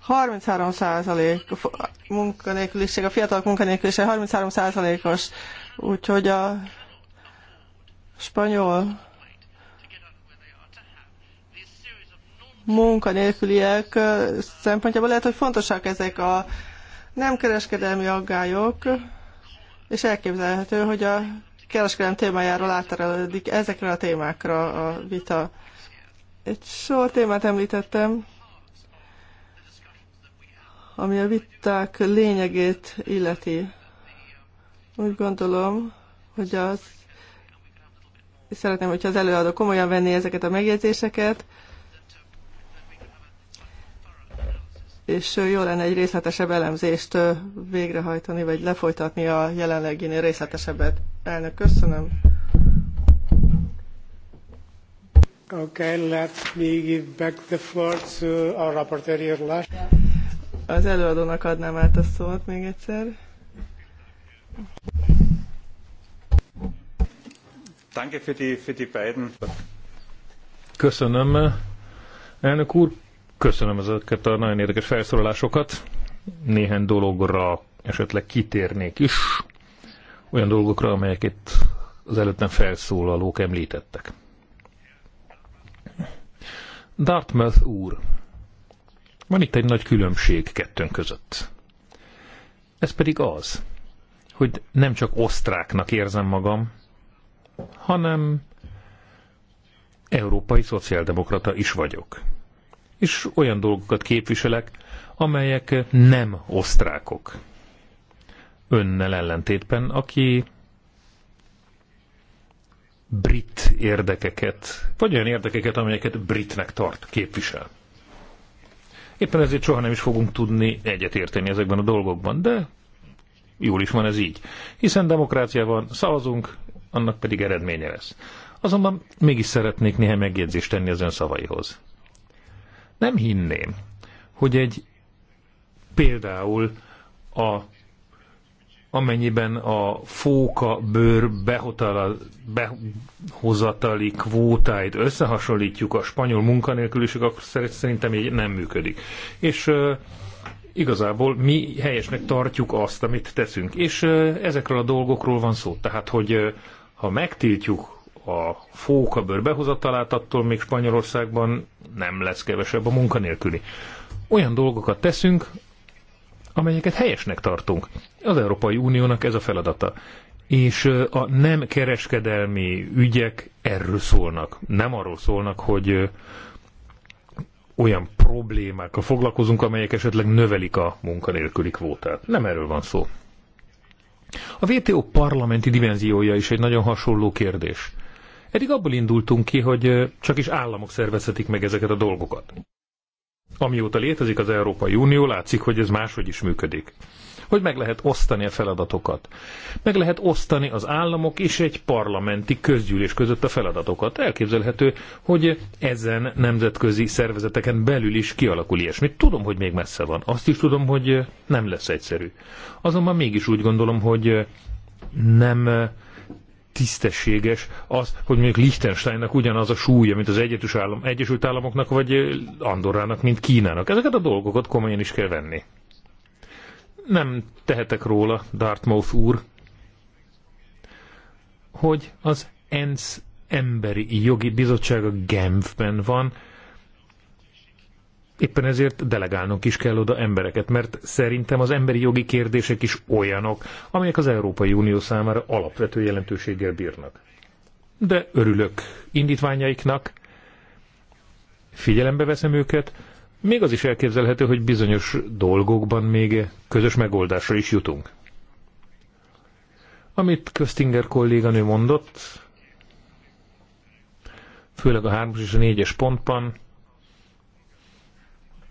A: 33 százalék munkanélküliség, a fiatalok munkanélkülisége 33 százalékos. Úgyhogy a spanyol munkanélküliek szempontjából lehet, hogy fontosak ezek a nem kereskedelmi aggályok, és elképzelhető, hogy a kereskedelem témájáról átterelődik ezekre a témákra a vita. Egy sor témát említettem, ami a viták lényegét illeti. Úgy gondolom, hogy az szeretném, hogyha az előadó komolyan venné ezeket a megjegyzéseket, és jó lenne egy részletesebb elemzést végrehajtani, vagy lefolytatni a jelenleginél részletesebbet. Elnök, köszönöm.
B: Okay, let me give back the floor
A: to our rapporteur Irlás. Az előadónak adnám át a szót még egyszer.
B: Danke für die, für die beiden. Köszönöm, elnök úr. Köszönöm ezeket a nagyon érdekes felszólalásokat. Néhány dologra esetleg kitérnék is. Olyan dolgokra, amelyek itt az előttem felszólalók említettek. Dartmouth úr, van itt egy nagy különbség kettőnk között. Ez pedig az, hogy nem csak osztráknak érzem magam, hanem európai szociáldemokrata is vagyok és olyan dolgokat képviselek, amelyek nem osztrákok. Önnel ellentétben, aki brit érdekeket, vagy olyan érdekeket, amelyeket britnek tart, képvisel. Éppen ezért soha nem is fogunk tudni egyetérteni ezekben a dolgokban, de jól is van ez így. Hiszen demokrácia van, szavazunk, annak pedig eredménye lesz. Azonban mégis szeretnék néhány megjegyzést tenni az ön szavaihoz. Nem hinném, hogy egy például a amennyiben a fóka bőr behozatali kvótáit összehasonlítjuk a spanyol munkanélküliség, akkor szerintem így nem működik. És uh, igazából mi helyesnek tartjuk azt, amit teszünk. És uh, ezekről a dolgokról van szó. Tehát, hogy uh, ha megtiltjuk a fókabőr behozatalát, attól még Spanyolországban nem lesz kevesebb a munkanélküli. Olyan dolgokat teszünk, amelyeket helyesnek tartunk. Az Európai Uniónak ez a feladata. És a nem kereskedelmi ügyek erről szólnak. Nem arról szólnak, hogy olyan problémákkal foglalkozunk, amelyek esetleg növelik a munkanélküli kvótát. Nem erről van szó. A WTO parlamenti dimenziója is egy nagyon hasonló kérdés. Eddig abból indultunk ki, hogy csak is államok szervezhetik meg ezeket a dolgokat. Amióta létezik az Európai Unió, látszik, hogy ez máshogy is működik. Hogy meg lehet osztani a feladatokat. Meg lehet osztani az államok és egy parlamenti közgyűlés között a feladatokat. Elképzelhető, hogy ezen nemzetközi szervezeteken belül is kialakul ilyesmi. Tudom, hogy még messze van. Azt is tudom, hogy nem lesz egyszerű. Azonban mégis úgy gondolom, hogy nem tisztességes az, hogy mondjuk Liechtensteinnak ugyanaz a súlya, mint az Egyesült, Állam, Egyesült Államoknak, vagy Andorrának, mint Kínának. Ezeket a dolgokat komolyan is kell venni. Nem tehetek róla, Dartmouth úr, hogy az ENSZ emberi jogi bizottsága Genfben van, éppen ezért delegálnunk is kell oda embereket, mert szerintem az emberi jogi kérdések is olyanok, amelyek az Európai Unió számára alapvető jelentőséggel bírnak. De örülök indítványaiknak, figyelembe veszem őket, még az is elképzelhető, hogy bizonyos dolgokban még közös megoldásra is jutunk. Amit Köztinger kolléganő mondott, főleg a 3 és a 4-es pontban,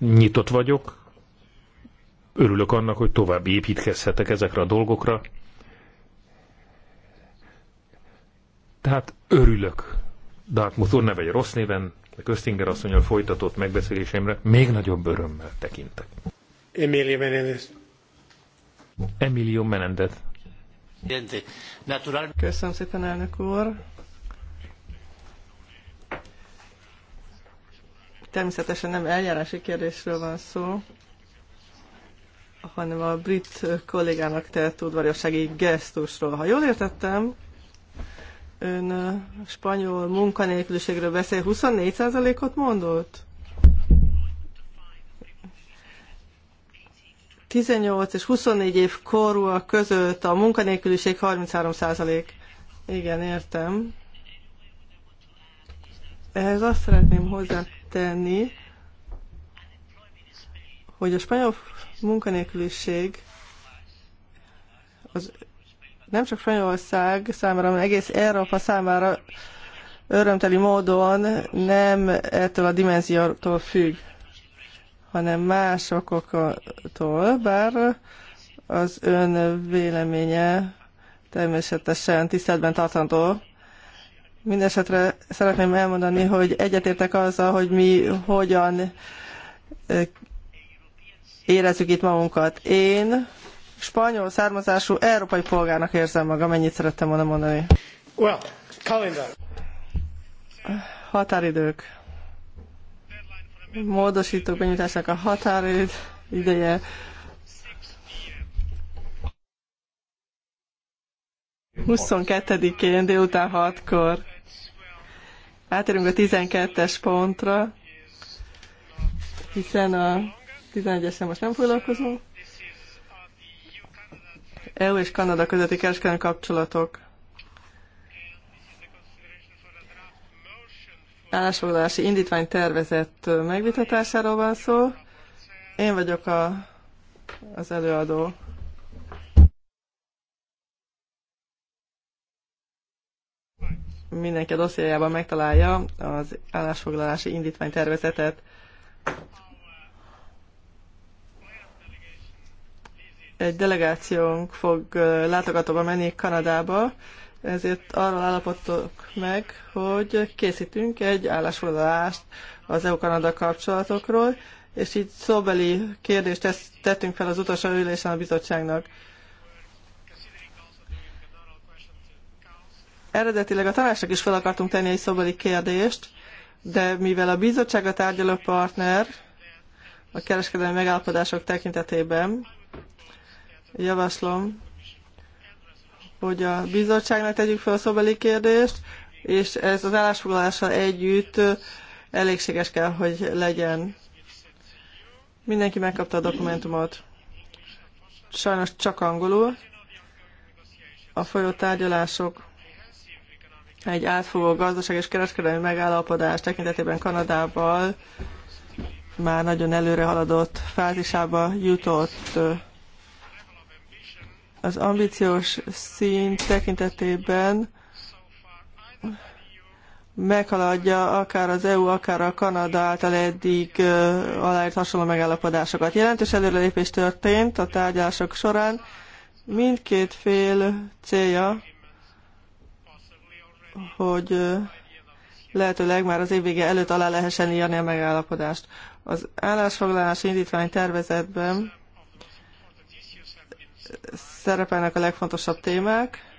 B: nyitott vagyok, örülök annak, hogy tovább építkezhetek ezekre a dolgokra. Tehát örülök Dartmouth úr neve egy rossz néven, a Köztinger asszonyal folytatott megbeszélésemre még nagyobb örömmel tekintek. Emilio Menendez. Emilio Menendez.
A: Köszönöm szépen, elnök úr. Természetesen nem eljárási kérdésről van szó, hanem a brit kollégának tett udvariassági gesztusról. Ha jól értettem, ön spanyol munkanélküliségről beszél, 24%-ot mondott? 18 és 24 év korúak között a munkanélküliség 33%. Igen, értem. Ehhez azt szeretném hozzá tenni, hogy a spanyol munkanélküliség az nem csak Spanyolország számára, hanem egész Európa számára örömteli módon nem ettől a dimenziótól függ, hanem más okoktól, bár az ön véleménye természetesen tiszteletben tartandó, Mindenesetre szeretném elmondani, hogy egyetértek azzal, hogy mi hogyan érezzük itt magunkat. Én spanyol származású európai polgárnak érzem magam, ennyit szerettem volna mondani.
B: Well, calendar.
A: Határidők. Módosítók benyújtásnak a határid ideje. Huszonkettedikén délután hatkor. kor Átérünk a 12-es pontra, hiszen a 11-esre most nem foglalkozunk. EU és Kanada közötti kereskedelmi kapcsolatok. Állásfoglalási indítvány tervezett megvitatásáról van szó. Én vagyok a, az előadó. mindenki a dossziájában megtalálja az állásfoglalási indítványtervezetet. Egy delegációnk fog látogatóba menni Kanadába, ezért arról állapodtok meg, hogy készítünk egy állásfoglalást az EU-Kanada kapcsolatokról, és így szóbeli kérdést tettünk fel az utolsó ülésen a bizottságnak. Eredetileg a tanácsnak is fel akartunk tenni egy szobeli kérdést, de mivel a bizottság a tárgyaló partner a kereskedelmi megállapodások tekintetében, javaslom, hogy a bizottságnak tegyük fel a szobeli kérdést, és ez az állásfoglalással együtt elégséges kell, hogy legyen. Mindenki megkapta a dokumentumot. Sajnos csak angolul. A folyó tárgyalások egy átfogó gazdaság és kereskedelmi megállapodás tekintetében Kanadával már nagyon előre haladott fázisába jutott. Az ambíciós szint tekintetében meghaladja akár az EU, akár a Kanada által eddig uh, aláírt hasonló megállapodásokat. Jelentős előrelépés történt a tárgyalások során. Mindkét fél célja hogy lehetőleg már az évvége előtt alá lehessen írni a megállapodást. Az állásfoglalás indítvány tervezetben szerepelnek a legfontosabb témák,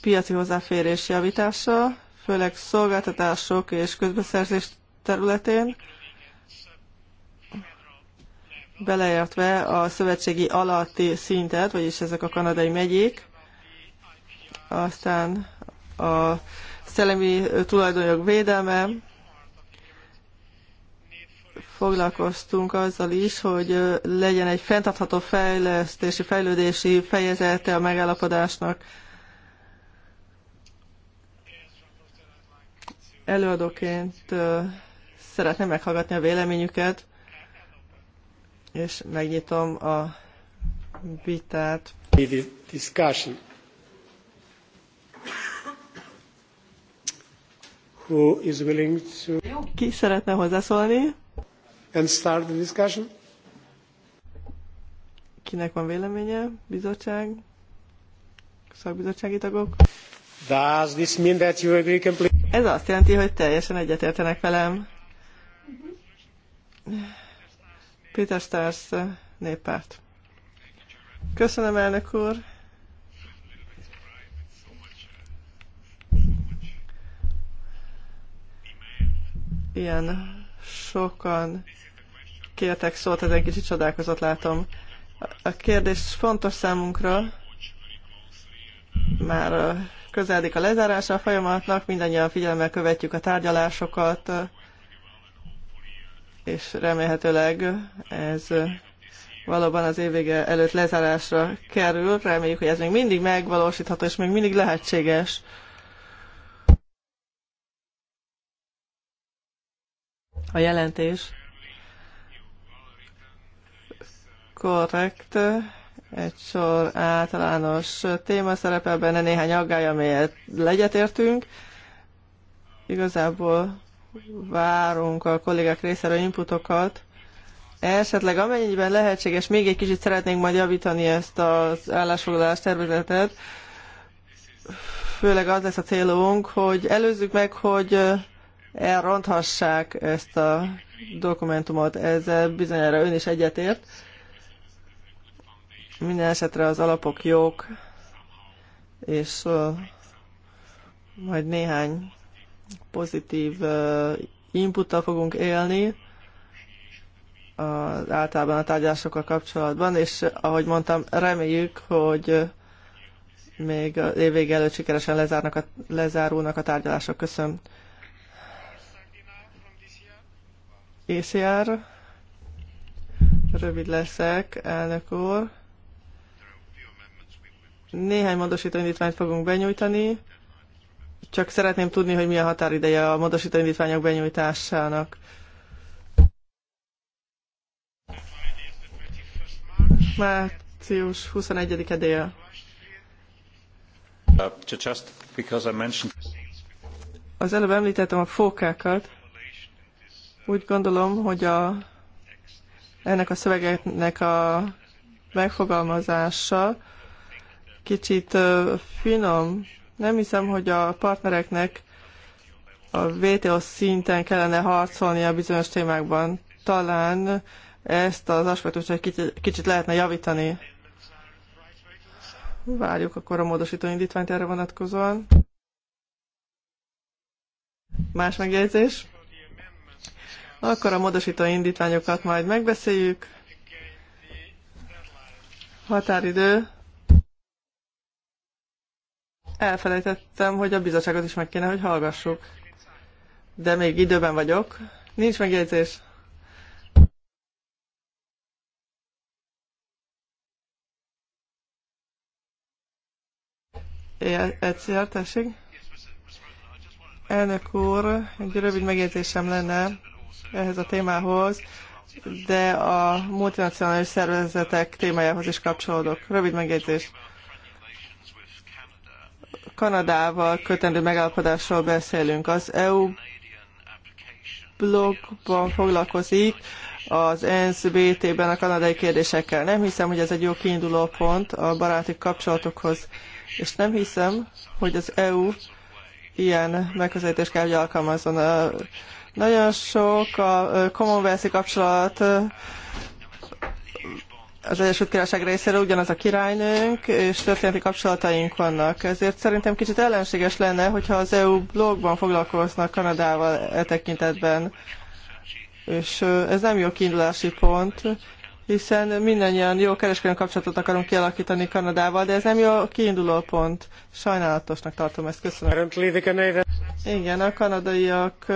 A: piaci hozzáférés javítása, főleg szolgáltatások és közbeszerzés területén, beleértve a szövetségi alatti szintet, vagyis ezek a kanadai megyék, aztán a szellemi tulajdonjog védelme, foglalkoztunk azzal is, hogy legyen egy fenntartható fejlesztési, fejlődési fejezete a megállapodásnak. Előadóként szeretném meghallgatni a véleményüket, és megnyitom a vitát. Discussion. who is willing to... Ki szeretne hozzászólni? And start the discussion? Kinek van véleménye? Bizottság? Szakbizottsági tagok? Does this mean that you agree completely? Ez azt jelenti, hogy teljesen egyetértenek velem. Peter Stars néppárt. Köszönöm, elnök úr! ilyen sokan kértek szót, ez egy kicsit csodálkozott látom. A kérdés fontos számunkra, már közeledik a lezárása a folyamatnak, mindannyian figyelemmel követjük a tárgyalásokat, és remélhetőleg ez valóban az évvége előtt lezárásra kerül. Reméljük, hogy ez még mindig megvalósítható, és még mindig lehetséges. A jelentés korrekt, egy sor általános téma szerepel benne, néhány aggály, amelyet legyetértünk. Igazából várunk a kollégák részéről inputokat. Esetleg amennyiben lehetséges, még egy kicsit szeretnénk majd javítani ezt az állásfoglalás tervezetet. Főleg az lesz a célunk, hogy előzzük meg, hogy elronthassák ezt a dokumentumot. Ezzel bizonyára ön is egyetért. Minden esetre az alapok jók, és uh, majd néhány pozitív uh, inputtal fogunk élni az általában a tárgyalásokkal kapcsolatban, és ahogy mondtam, reméljük, hogy még évvége előtt sikeresen lezárnak a, lezárulnak a tárgyalások. Köszönöm. ECR, rövid leszek, elnök úr. Néhány módosító indítványt fogunk benyújtani, csak szeretném tudni, hogy mi a határideje a módosító indítványok benyújtásának. Március 21-e dél. Uh, Az előbb említettem a fókákat. Úgy gondolom, hogy a, ennek a szövegeknek a megfogalmazása kicsit finom. Nem hiszem, hogy a partnereknek a VTO szinten kellene harcolni a bizonyos témákban. Talán ezt az aspektust egy kicsit, kicsit lehetne javítani. Várjuk akkor a módosító indítványt erre vonatkozóan. Más megjegyzés? Akkor a módosító indítványokat majd megbeszéljük. Határidő. Elfelejtettem, hogy a bizottságot is meg kéne, hogy hallgassuk. De még időben vagyok. Nincs megjegyzés. Egyszer, tessék. Elnök úr, egy rövid megjegyzésem lenne ehhez a témához, de a multinacionális szervezetek témájához is kapcsolódok. Rövid megjegyzés. Kanadával kötendő megállapodásról beszélünk. Az EU blogban foglalkozik az ENSZ BT-ben a kanadai kérdésekkel. Nem hiszem, hogy ez egy jó kiinduló pont a baráti kapcsolatokhoz, és nem hiszem, hogy az EU ilyen megközelítést kell, hogy alkalmazzon. A nagyon sok a Commonwealth-i kapcsolat az Egyesült Királyság részéről ugyanaz a királynőnk, és történeti kapcsolataink vannak. Ezért szerintem kicsit ellenséges lenne, hogyha az EU blogban foglalkoznak Kanadával e tekintetben. És ez nem jó kiindulási pont, hiszen mindannyian jó kereskedelmi kapcsolatot akarunk kialakítani Kanadával, de ez nem jó kiinduló pont. Sajnálatosnak tartom ezt, köszönöm. Igen, a kanadaiak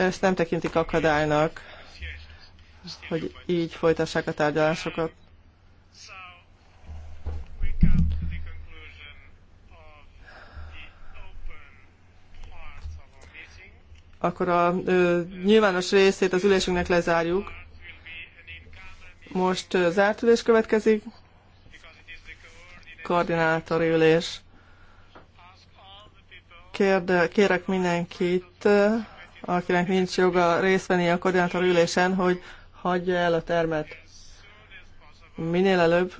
A: ezt nem tekintik akadálynak, hogy így folytassák a tárgyalásokat. Akkor a ö, nyilvános részét az ülésünknek lezárjuk. Most ö, zárt ülés következik. Koordinátori ülés. Kérde, kérek mindenkit. Ö, akinek nincs joga részt venni a koordinátor ülésen, hogy hagyja el a termet. Minél előbb.